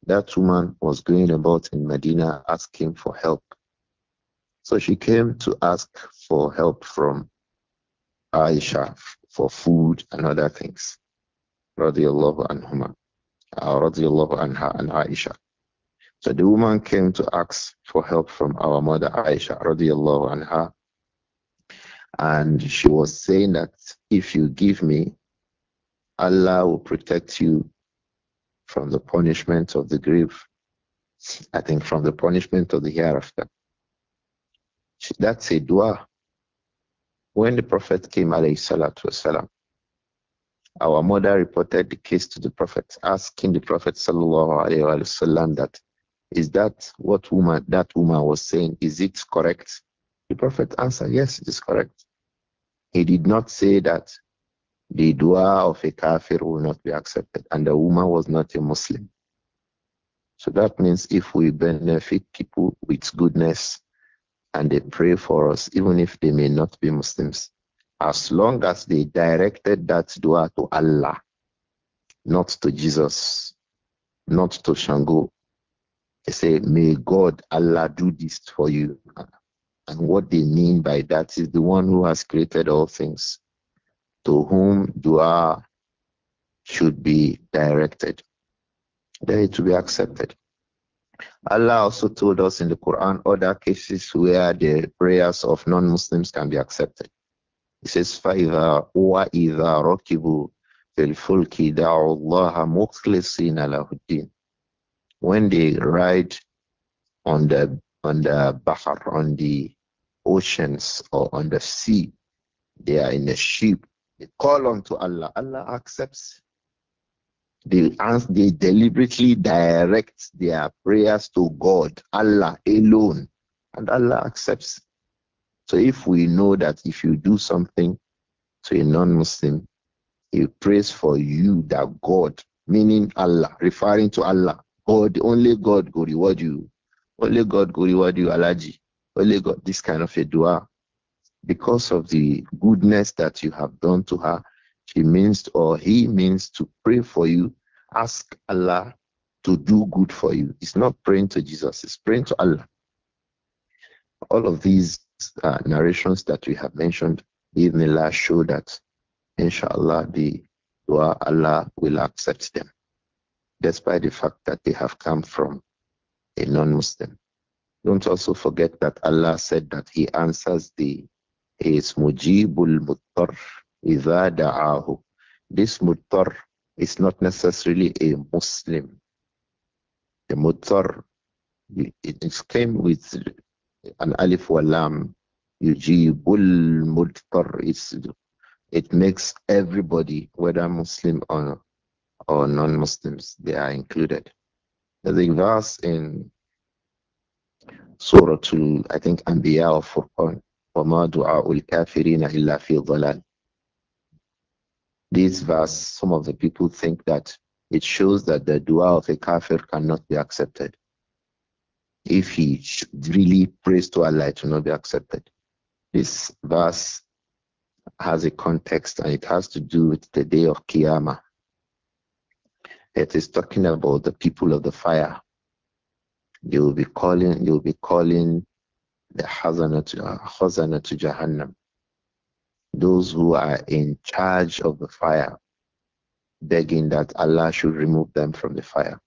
That woman was going about in Medina asking for help. So she came to ask for help from Aisha for food and other things. Radiallahu anhuma. Uh, radiallahu anha and Aisha. So the woman came to ask for help from our mother Aisha radiallahu anha. And she was saying that if you give me, Allah will protect you from the punishment of the grave. I think from the punishment of the hereafter. That's a dua when the Prophet came, alayhi salatu wasalam, our mother reported the case to the Prophet, asking the Prophet sallallahu alayhi wasallam that is that what woman that woman was saying? Is it correct? The Prophet answered, Yes, it is correct. He did not say that the dua of a kafir will not be accepted, and the woman was not a Muslim. So that means if we benefit people with goodness, and they pray for us, even if they may not be Muslims, as long as they directed that dua to Allah, not to Jesus, not to Shango. They say, May God, Allah, do this for you. And what they mean by that is the one who has created all things, to whom dua should be directed. Then it will be accepted. Allah also told us in the Quran other cases where the prayers of non Muslims can be accepted. He says, فَإِذَا Wa رَكِبُوا فِي fil دَعُوا اللَّهَ مُخْلِصِينَ لَهُ When they ride on the on the bahar, on the oceans or on the sea, they are in a ship, they call unto Allah. Allah accepts they, they deliberately direct their prayers to God, Allah alone, and Allah accepts. So if we know that if you do something to a non-Muslim, he prays for you that God, meaning Allah, referring to Allah, God, only God will reward you. Only God will reward you, Alaji. Only God, this kind of a dua. Because of the goodness that you have done to her, he means or he means to pray for you, ask Allah to do good for you. It's not praying to Jesus, it's praying to Allah. All of these uh, narrations that we have mentioned in the last show that inshallah the dua Allah will accept them, despite the fact that they have come from a non-Muslim. Don't also forget that Allah said that He answers the He is Mujibul Muttar. إِذَا دَعَاهُ This muttar is not necessarily a Muslim. The muttar, it is came with an alif walam. lam. Yujibul muttar. is it makes everybody, whether Muslim or, or non-Muslims, they are included. The verse in Surah to, I think, Anbiya or Furqan, وَمَا دُعَاءُ الْكَافِرِينَ إِلَّا فِي ضَلَالٍ this verse, some of the people think that it shows that the dua of a kafir cannot be accepted. If he really prays to Allah, it will not be accepted. This verse has a context and it has to do with the day of Qiyamah. It is talking about the people of the fire. You will be calling, you will be calling the Hazana to, uh, Hazana to Jahannam those who are in charge of the fire, begging that Allah should remove them from the fire.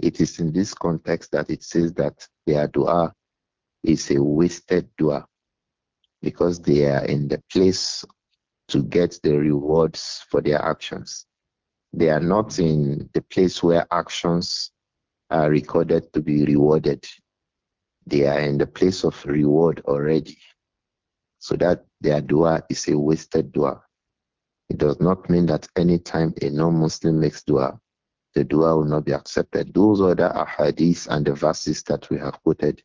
It is in this context that it says that their dua is a wasted dua because they are in the place to get the rewards for their actions. They are not in the place where actions are recorded to be rewarded. They are in the place of reward already. So that their dua is a wasted dua. It does not mean that any time a non-Muslim makes dua, the dua will not be accepted. Those other ahadith and the verses that we have quoted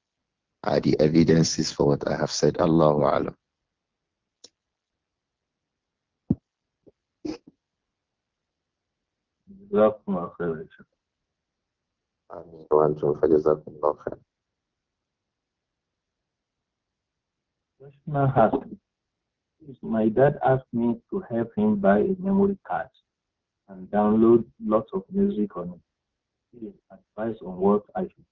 are the evidences for what I have said. Allahu Alam. جزاكم الله امين وانتم فجزاكم الله questioner has my dad asked me to help him buy a memory card and download lots of music on it. advice on what I should.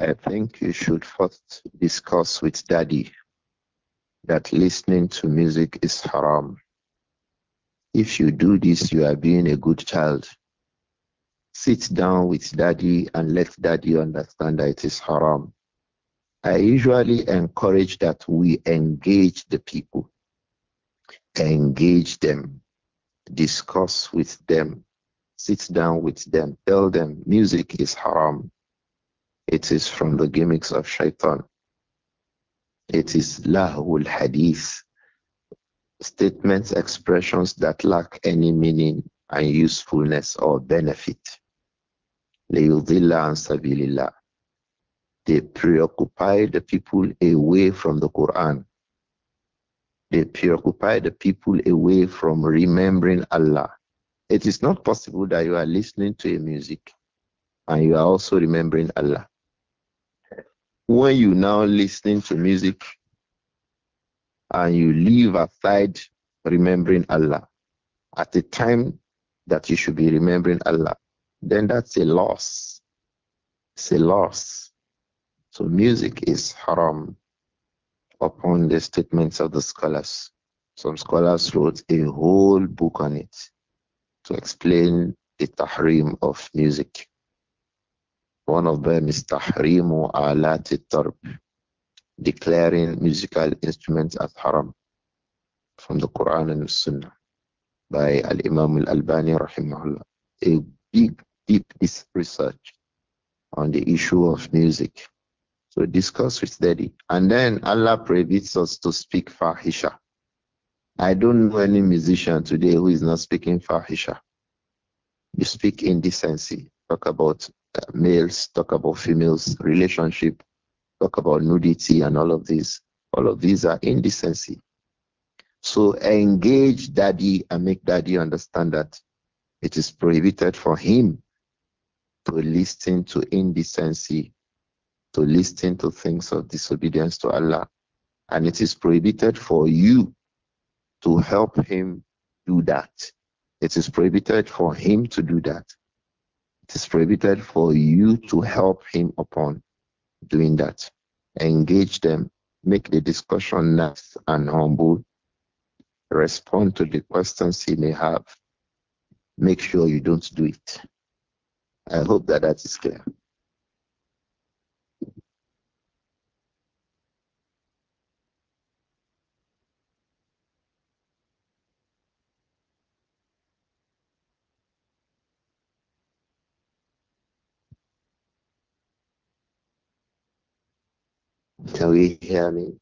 I think you should first discuss with daddy that listening to music is haram. If you do this, you are being a good child. Sit down with daddy and let daddy understand that it is haram. I usually encourage that we engage the people, engage them, discuss with them, sit down with them, tell them music is haram. It is from the gimmicks of shaitan. It is lahul hadith, statements, expressions that lack any meaning and usefulness or benefit. ليضل عن سبيل الله they preoccupy the people away from the Quran. They preoccupy the people away from remembering Allah. It is not possible that you are listening to a music and you are also remembering Allah. When you now listening to music and you leave aside remembering Allah at the time that you should be remembering Allah, then that's a loss. It's a loss. So music is haram upon the statements of the scholars. Some scholars wrote a whole book on it to explain the tahrim of music. One of them is tahrimu alati tarb, declaring musical instruments as haram from the Quran and the Sunnah by Al Imam Al Albani rahimahullah. A big, deep research on the issue of music. To discuss with daddy. And then Allah prohibits us to speak fahisha. I don't know any musician today who is not speaking fahisha. You speak indecency, talk about uh, males, talk about females, relationship, talk about nudity and all of these. All of these are indecency. So engage daddy and make daddy understand that it is prohibited for him to listen to indecency to listen to things of disobedience to Allah. And it is prohibited for you to help him do that. It is prohibited for him to do that. It is prohibited for you to help him upon doing that. Engage them, make the discussion nice and humble, respond to the questions he may have. Make sure you don't do it. I hope that that is clear. Can we hear me?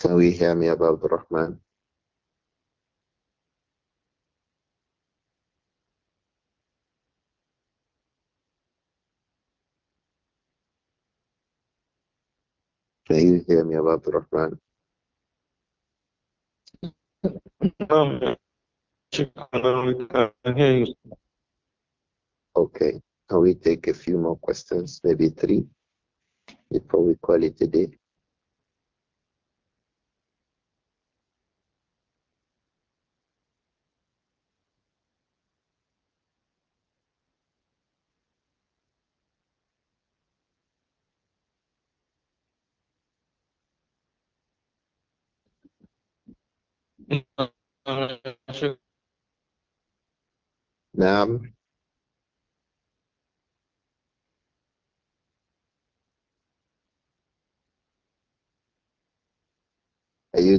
Can we hear me, about Rahman? Can you hear me, about Rahman? Um, I can hear you. Okay. Can we take a few more questions? Maybe three? Before we call it a day.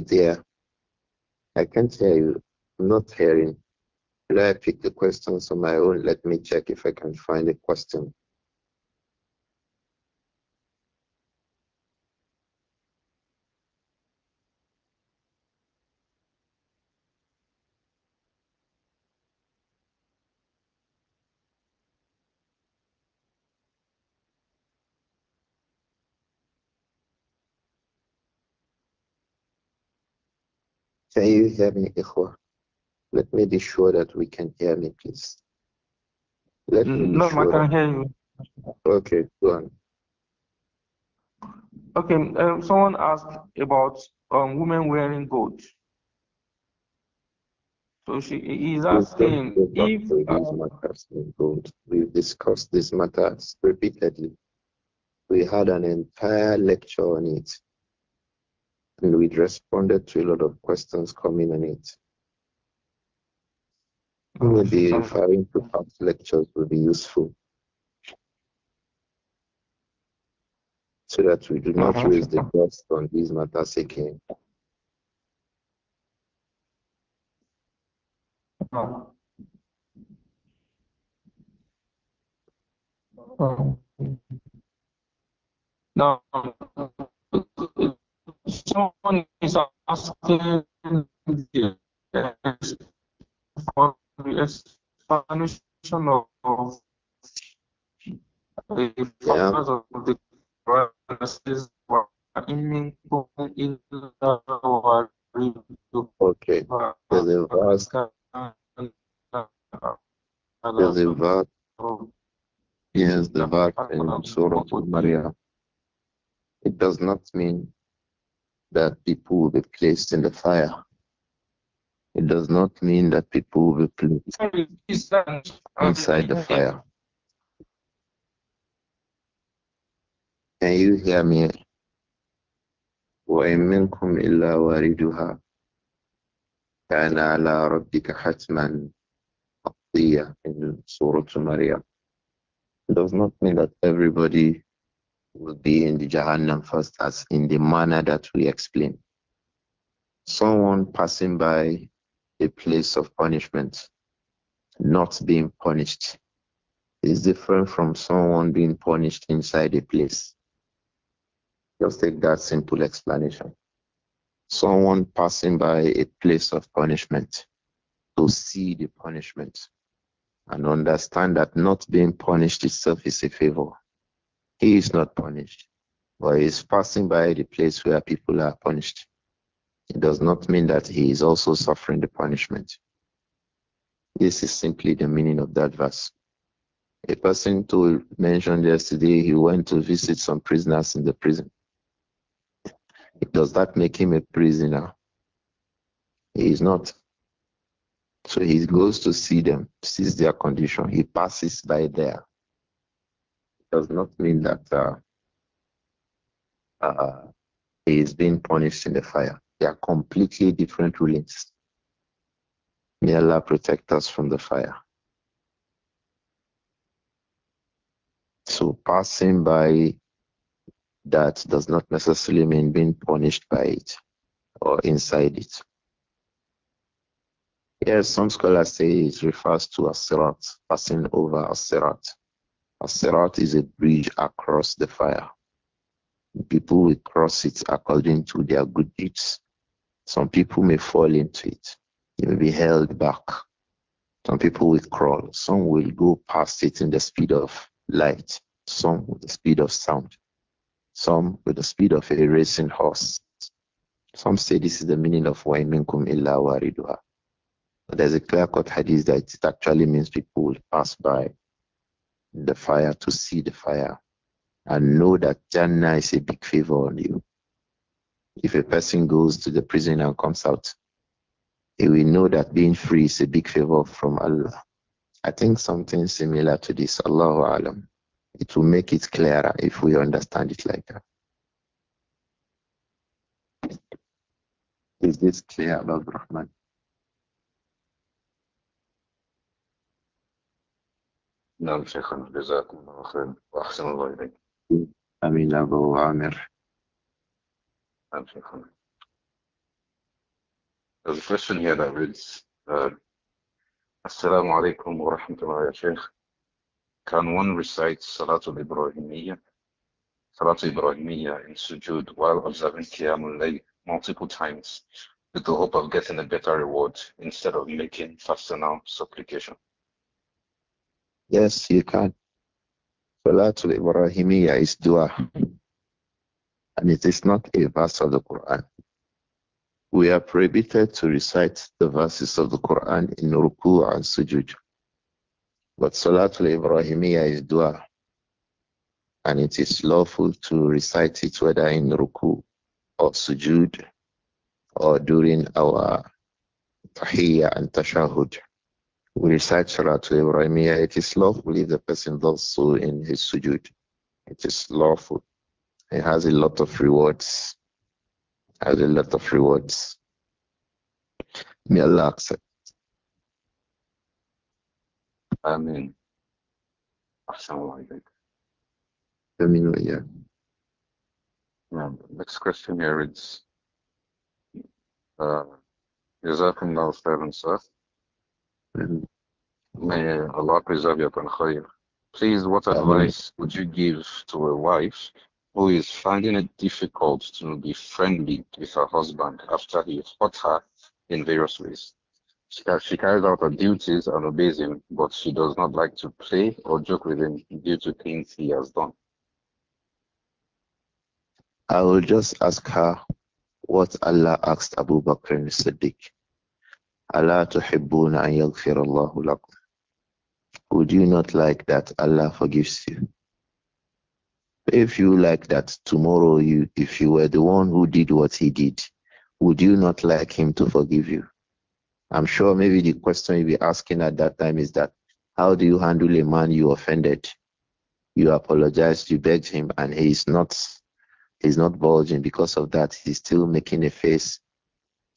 there? I can't hear you. I'm not hearing. Will I pick the questions on my own? Let me check if I can find a question. Can you hear me, Ikhwa? Let me be sure that we can hear me, please. Let me no, sure I can hear you. Okay, go on. Okay, um, someone asked about um, women wearing gold. So she is asking if um, We've discussed these matters repeatedly. We had an entire lecture on it and we responded to a lot of questions coming in. it. Maybe referring to past lectures will be useful so that we do not raise the dust on these matters again. No someone is asking the for the explanation of, the yeah. of the verses Okay. Yes, the verse in Surah al Maria. It does not mean that people will be placed in the fire. It does not mean that people will be placed inside the fire. Can you hear me? وإن منكم إلا واردها كان على ربك حتما قضية in Surah Maryam. It does not mean that everybody will be in the Jahannam first as in the manner that we explain. Someone passing by a place of punishment, not being punished, is different from someone being punished inside a place. Just take that simple explanation. Someone passing by a place of punishment to see the punishment and understand that not being punished itself is a favor. He is not punished, but he is passing by the place where people are punished. It does not mean that he is also suffering the punishment. This is simply the meaning of that verse. A person who mentioned yesterday he went to visit some prisoners in the prison. Does that make him a prisoner? He is not. So he goes to see them, sees their condition. He passes by there does not mean that uh, uh, he is being punished in the fire. They are completely different rulings. May Allah protect us from the fire. So passing by that does not necessarily mean being punished by it or inside it. Yes, some scholars say it refers to a serat passing over a serat. A sirat is a bridge across the fire. People will cross it according to their good deeds. Some people may fall into it. They may be held back. Some people will crawl. Some will go past it in the speed of light. Some with the speed of sound. Some with the speed of a racing horse. Some say this is the meaning of wa illa illa waridha. There's a clear-cut hadith that it actually means people will pass by the fire, to see the fire, and know that Jannah is a big favor on you. If a person goes to the prison and comes out, he will know that being free is a big favor from Allah. I think something similar to this, Allahu Alam. It will make it clearer if we understand it like that. Is this clear, Abdul Rahman? نعم شيخنا جزاكم الله وأحسن الله إليك أمين أبو عامر نعم شيخنا There's a question here that reads, uh, Assalamu alaikum wa rahmatullahi wa shaykh. Can one recite Salatul Ibrahimiyyah? Salatul Ibrahimiyya in sujood while observing Qiyamul multiple times with the hope of getting a better reward instead of making faster now supplication? Yes, you can. Salatul Ibrahimiyya is dua. And it is not a verse of the Quran. We are prohibited to recite the verses of the Quran in ruku and sujud. But Salatul Ibrahimiyya is dua. And it is lawful to recite it whether in ruku or sujud or during our tahiyya and tashahud we recite Salah to Ibrahimiyya, it is lawful if the person does so in his sujud. It is lawful. It has a lot of rewards. It has a lot of rewards. May Allah accept. Amen. Assalamu yeah. yeah. Next question here is. Uh, Jazakum from khairan, sir. May Allah preserve you upon khair. Please, what advice would you give to a wife who is finding it difficult to be friendly with her husband after he hurt her in various ways? She, carries out her duties and obeys him, but she does not like to play or joke with him due to things he has done. I will just ask her what Allah asked Abu Bakr Siddiq. Would you not like that Allah forgives you? If you like that tomorrow, you, if you were the one who did what he did, would you not like him to forgive you? I'm sure maybe the question you'll be asking at that time is that how do you handle a man you offended? You apologized, you begged him, and he is not he's not bulging because of that. He's still making a face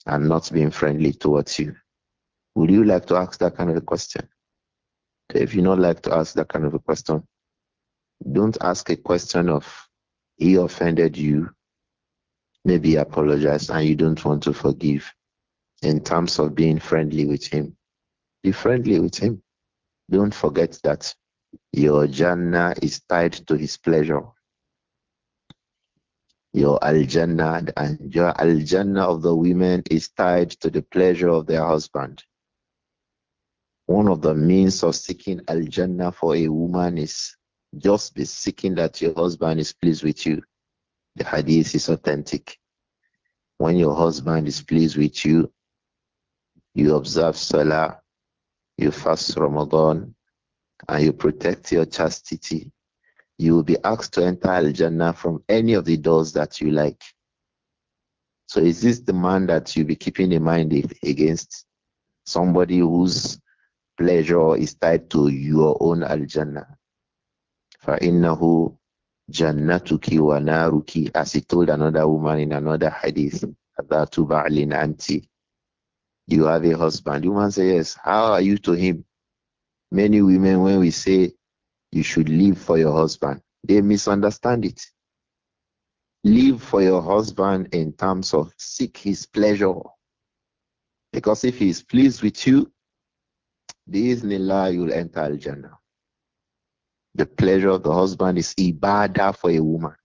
and not being friendly towards you. Would you like to ask that kind of a question? If you don't like to ask that kind of a question, don't ask a question of he offended you, maybe apologize and you don't want to forgive in terms of being friendly with him. Be friendly with him. Don't forget that your Jannah is tied to his pleasure your Al Jannah, and your Al Jannah of the women is tied to the pleasure of their husband. One of the means of seeking Al Jannah for a woman is just be seeking that your husband is pleased with you. The hadith is authentic. When your husband is pleased with you, you observe Salah, you fast Ramadan, and you protect your chastity you will be asked to enter Al Jannah from any of the doors that you like. So, is this the man that you'll be keeping in mind if, against somebody whose pleasure is tied to your own Al Jannah? jannatuki wa وَنَارُكِ As he told another woman in another hadith, أَذَاتُ ba'lin أَنْتِ You have a husband. The woman says, yes. How are you to him? Many women, when we say you should live for your husband. They misunderstand it. Live for your husband in terms of seek his pleasure. Because if he is pleased with you, this Bismillah, you'll enter Al Jannah. The pleasure of the husband is ibadah for a woman.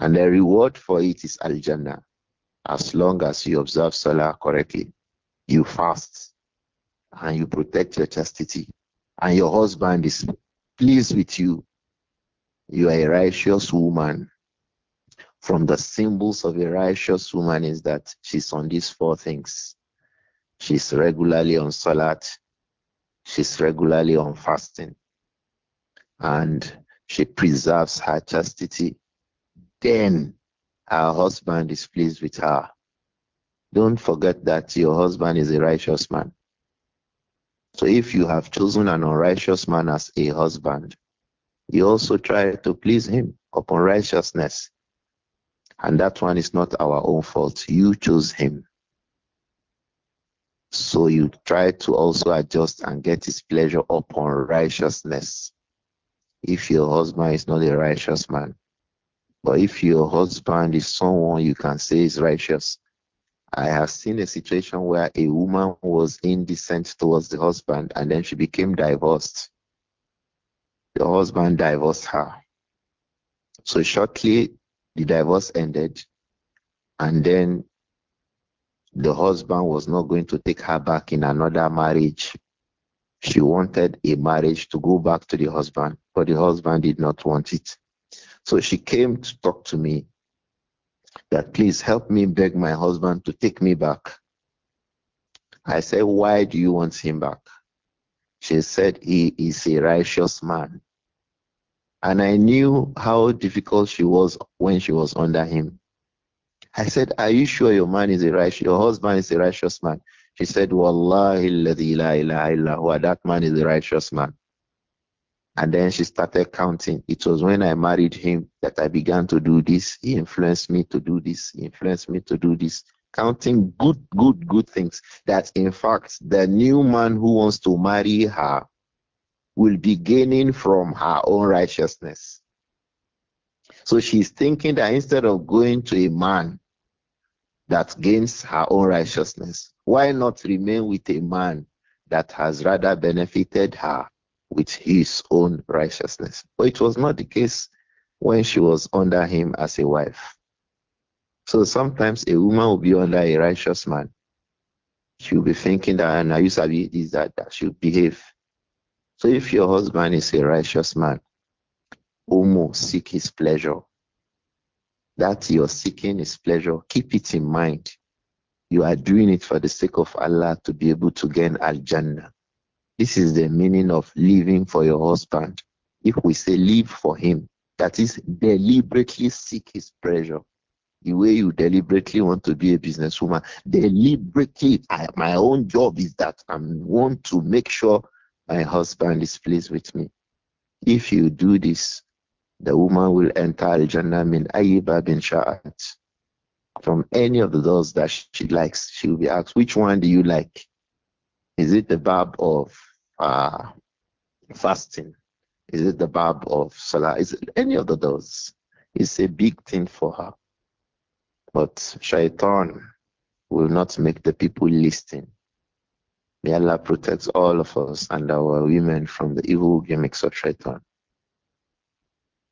And the reward for it is Al Jannah. As long as you observe Salah correctly, you fast, and you protect your chastity, and your husband is pleased with you. You are a righteous woman. From the symbols of a righteous woman is that she's on these four things. She's regularly on salat. She's regularly on fasting. And she preserves her chastity. Then her husband is pleased with her. Don't forget that your husband is a righteous man. So if you have chosen an unrighteous man as a husband, you also try to please him upon righteousness. And that one is not our own fault. You chose him. So you try to also adjust and get his pleasure upon righteousness. If your husband is not a righteous man, but if your husband is someone you can say is righteous, I have seen a situation where a woman was indecent towards the husband and then she became divorced. The husband divorced her. So shortly, the divorce ended, and then the husband was not going to take her back in another marriage. She wanted a marriage to go back to the husband, but the husband did not want it. So she came to talk to me that please help me beg my husband to take me back. I said, Why do you want him back? She said, He is a righteous man. And I knew how difficult she was when she was under him. I said, Are you sure your man is a righteous your husband is a righteous man? She said, Wallahi la ilaha illa that man is a righteous man. And then she started counting. It was when I married him that I began to do this. He influenced me to do this. He influenced me to do this. Counting good, good, good things. That in fact, the new man who wants to marry her will be gaining from her own righteousness. So she's thinking that instead of going to a man that gains her own righteousness, why not remain with a man that has rather benefited her with his own righteousness. But it was not the case when she was under him as a wife. So sometimes a woman will be under a righteous man. She'll be thinking that and I used to be this, that, that she'll behave. So if your husband is a righteous man, Omo, seek his pleasure. That you're seeking his pleasure, keep it in mind. You are doing it for the sake of Allah to be able to gain Al Jannah. This is the meaning of living for your husband. If we say live for him, that is deliberately seek his pleasure. The way you deliberately want to be a businesswoman, deliberately, I, my own job is that I want to make sure my husband is pleased with me. If you do this, the woman will enter Al Jannah min Ayiba bin Sha'at. From any of the doors that she likes, she will be asked, which one do you like? Is it the bab of uh, fasting? Is it the barb of Salah? Is it any of the those? It's a big thing for her. But shaitan will not make the people listen. May Allah protect all of us and our women from the evil gimmicks of shaitan.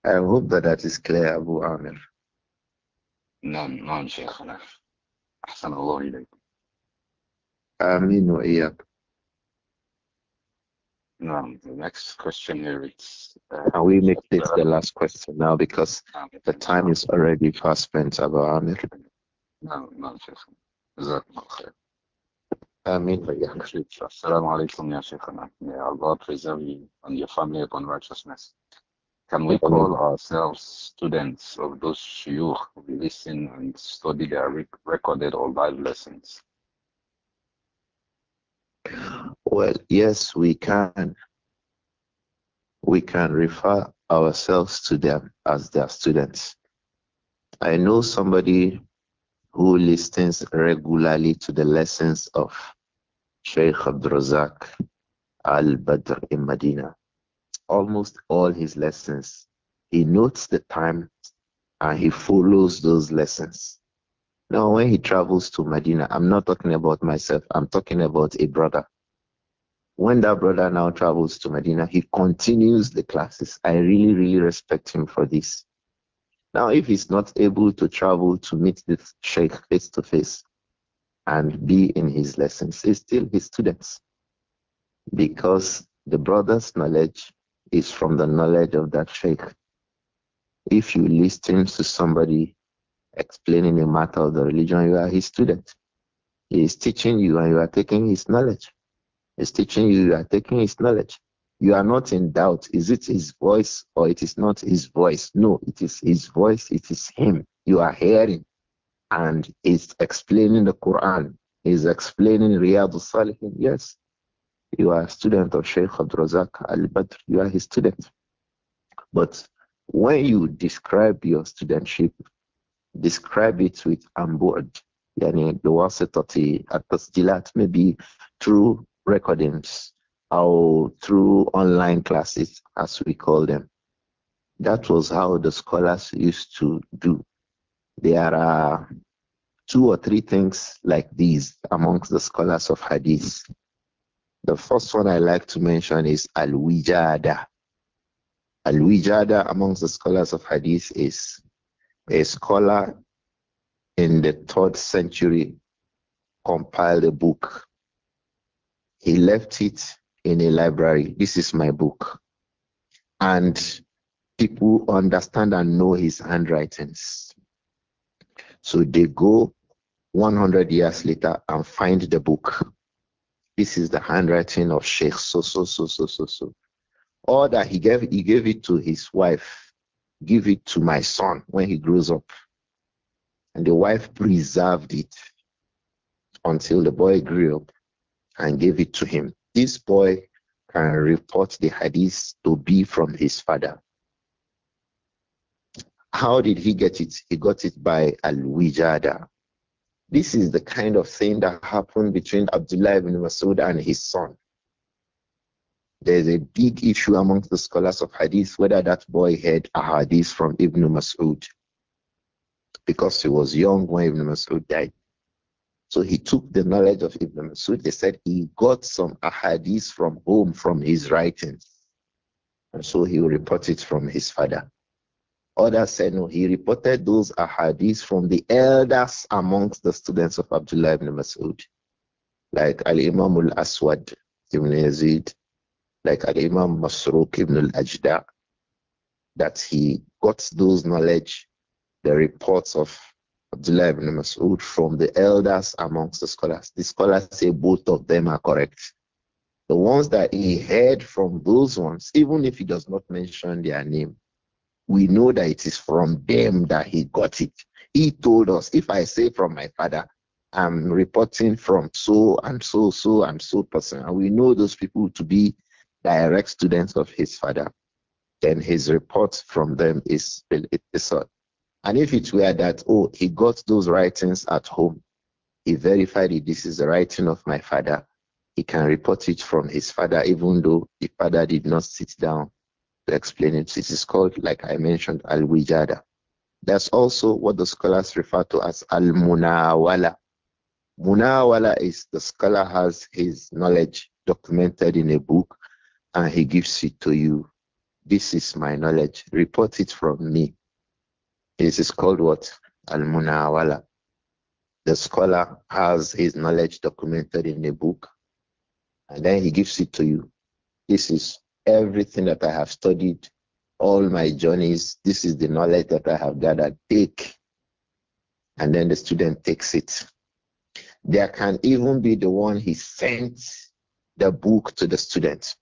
I hope that that is clear, Abu Amir. No, no, شيخنا أحسن الله إليك آمين وإياك no, um, the next question here is. Uh, we make this the last question now because the time is already fast spent, Abu Amir. No, no, Sheikh. جزاكم الله خير. آمين بياك شيخ. السلام عليكم يا May Allah preserve you and your family upon righteousness. Can we call ourselves students of those shuyukh who listen and study their recorded or live lessons? Well, yes, we can. We can refer ourselves to them as their students. I know somebody who listens regularly to the lessons of Sheikh Abdrazak Al Badr in Medina. Almost all his lessons, he notes the time and he follows those lessons. Now, when he travels to Medina, I'm not talking about myself, I'm talking about a brother. When that brother now travels to Medina, he continues the classes. I really, really respect him for this. Now, if he's not able to travel to meet the sheikh face to face and be in his lessons, he's still his students because the brother's knowledge is from the knowledge of that sheikh. If you listen to somebody explaining a matter of the religion, you are his student. He is teaching you and you are taking his knowledge. He is teaching you, you are taking his knowledge. You are not in doubt. Is it his voice or it is not his voice? No, it is his voice. It is him. You are hearing. And he's explaining the Quran. He's explaining Riyadh Salihin. Yes, you are a student of Sheikh Abdul Al Badr. You are his student. But when you describe your studentship describe it with ambud, yani biwasitati at dilat, maybe through recordings or through online classes, as we call them. That was how the scholars used to do. There are two or three things like these amongst the scholars of hadith. The first one I like to mention is al-wijada. Al-wijada amongst the scholars of hadith is a scholar in the third century compiled a book. He left it in a library. This is my book. And people understand and know his handwritings. So they go 100 years later and find the book. This is the handwriting of Sheikh so so so so so so. Or that he gave he gave it to his wife give it to my son when he grows up. And the wife preserved it until the boy grew up and gave it to him. This boy can report the hadith to be from his father. How did he get it? He got it by Al Wijada. This is the kind of thing that happened between Abdullah ibn Masud and his son. There's a big issue amongst the scholars of hadith whether that boy had a hadith from Ibn Mas'ud because he was young when Ibn Mas'ud died. So he took the knowledge of Ibn Mas'ud. They said he got some ahadith from home from his writings. And so he reported from his father. Others said no, he reported those ahadith from the elders amongst the students of Abdullah ibn Mas'ud, like Al Imam al Aswad ibn Yazid, like Al Imam Masruq ibn al Ajda, that he got those knowledge, the reports of Abdullah ibn Mas'ud from the elders amongst the scholars. The scholars say both of them are correct. The ones that he heard from those ones, even if he does not mention their name, we know that it is from them that he got it. He told us, if I say from my father, I'm reporting from so and so, so and so person, and we know those people to be direct students of his father, then his report from them is bil uh, And if it were that, oh, he got those writings at home, he verified it, this is the writing of my father, he can report it from his father, even though the father did not sit down to explain it. It is called, like I mentioned, Al Wijada. That's also what the scholars refer to as Al Munawala. Munawala is the scholar has his knowledge documented in a book and he gives it to you. This is my knowledge. Report it from me. This is called what? Al Munawala. The scholar has his knowledge documented in a book and then he gives it to you. This is everything that I have studied, all my journeys. This is the knowledge that I have gathered. Take. And then the student takes it. There can even be the one he sent the book to the student.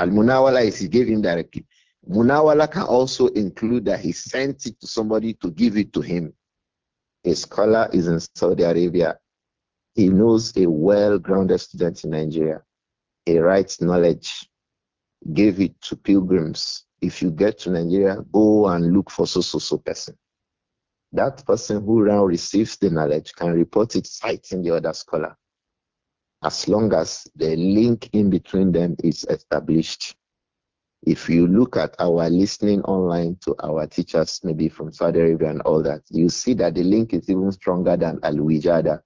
Al Munawala is he gave him directly. Munawala can also include that he sent it to somebody to give it to him. A scholar is in Saudi Arabia. He knows a well grounded student in Nigeria. He writes knowledge, gave it to pilgrims. If you get to Nigeria, go and look for so so so person. That person who now receives the knowledge can report it citing the other scholar as long as the link in between them is established. If you look at our listening online to our teachers, maybe from Saudi Arabia and all that, you see that the link is even stronger than Al Wijada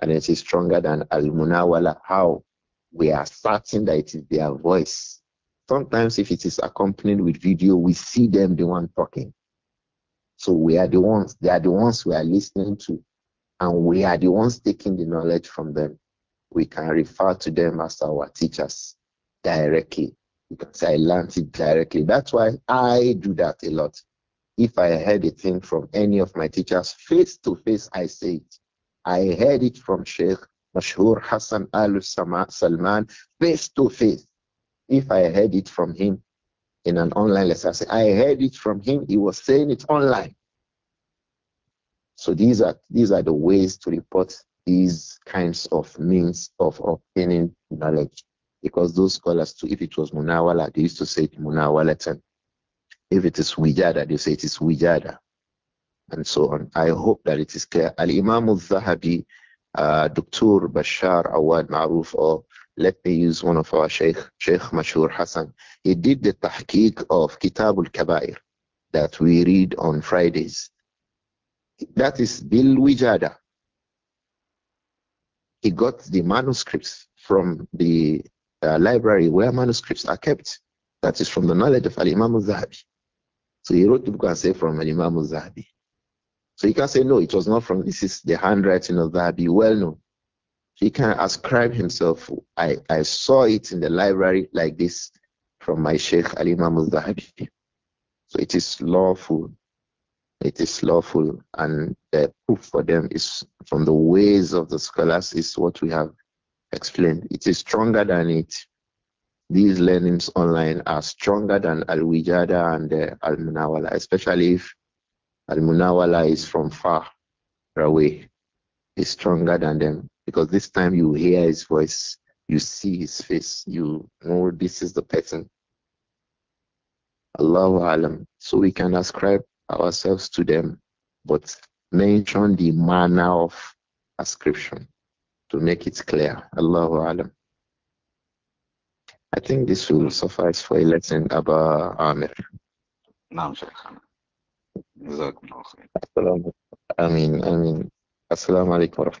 and it is stronger than Al Munawala. How we are certain that it is their voice. Sometimes, if it is accompanied with video, we see them the one talking. So we are the ones, they are the ones we are listening to, and we are the ones taking the knowledge from them we can refer to them as our teachers directly because I learned it directly. That's why I do that a lot. If I heard a thing from any of my teachers face to face, I say it. I heard it from Sheikh Mashur Hassan Al Salman face to face. If I heard it from him in an online lesson, I say, I heard it from him. He was saying it online. So these are these are the ways to report these kinds of means of obtaining knowledge. Because those scholars too, if it was Munawala, they used to say it Munawalatan. If it is Wijada, they say it is Wijada. And so on. I hope that it is clear. Al Imam al Zahabi, uh, Dr. Bashar Awad Maruf, or let me use one of our Sheikh, Sheikh Mashur Hassan. He did the tahqiq of Kitabul Kabair that we read on Fridays. That is Bil Wijada he got the manuscripts from the uh, library where manuscripts are kept. That is from the knowledge of Al Imam Zahabi. So he wrote the book and said from Al Imam Zahabi. So he can say, no, it was not from this is the handwriting of Zahabi, well known. He can ascribe himself, I, I saw it in the library like this from my Sheikh Al Imam Zahabi. So it is lawful it is lawful, and the proof for them is from the ways of the scholars is what we have explained. It is stronger than it. These learnings online are stronger than Al-Wijada and uh, Al-Munawala, especially if Al-Munawala is from far away. It's stronger than them because this time you hear his voice, you see his face, you know this is the person. Allahu Alam. So we can ascribe ourselves to them, but mention the manner of ascription to make it clear. Allahu Alam. I think this will suffice for a lesson about Amir. نعم شكرا جزاكم الله خير السلام امين امين السلام عليكم ورحمه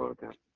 الله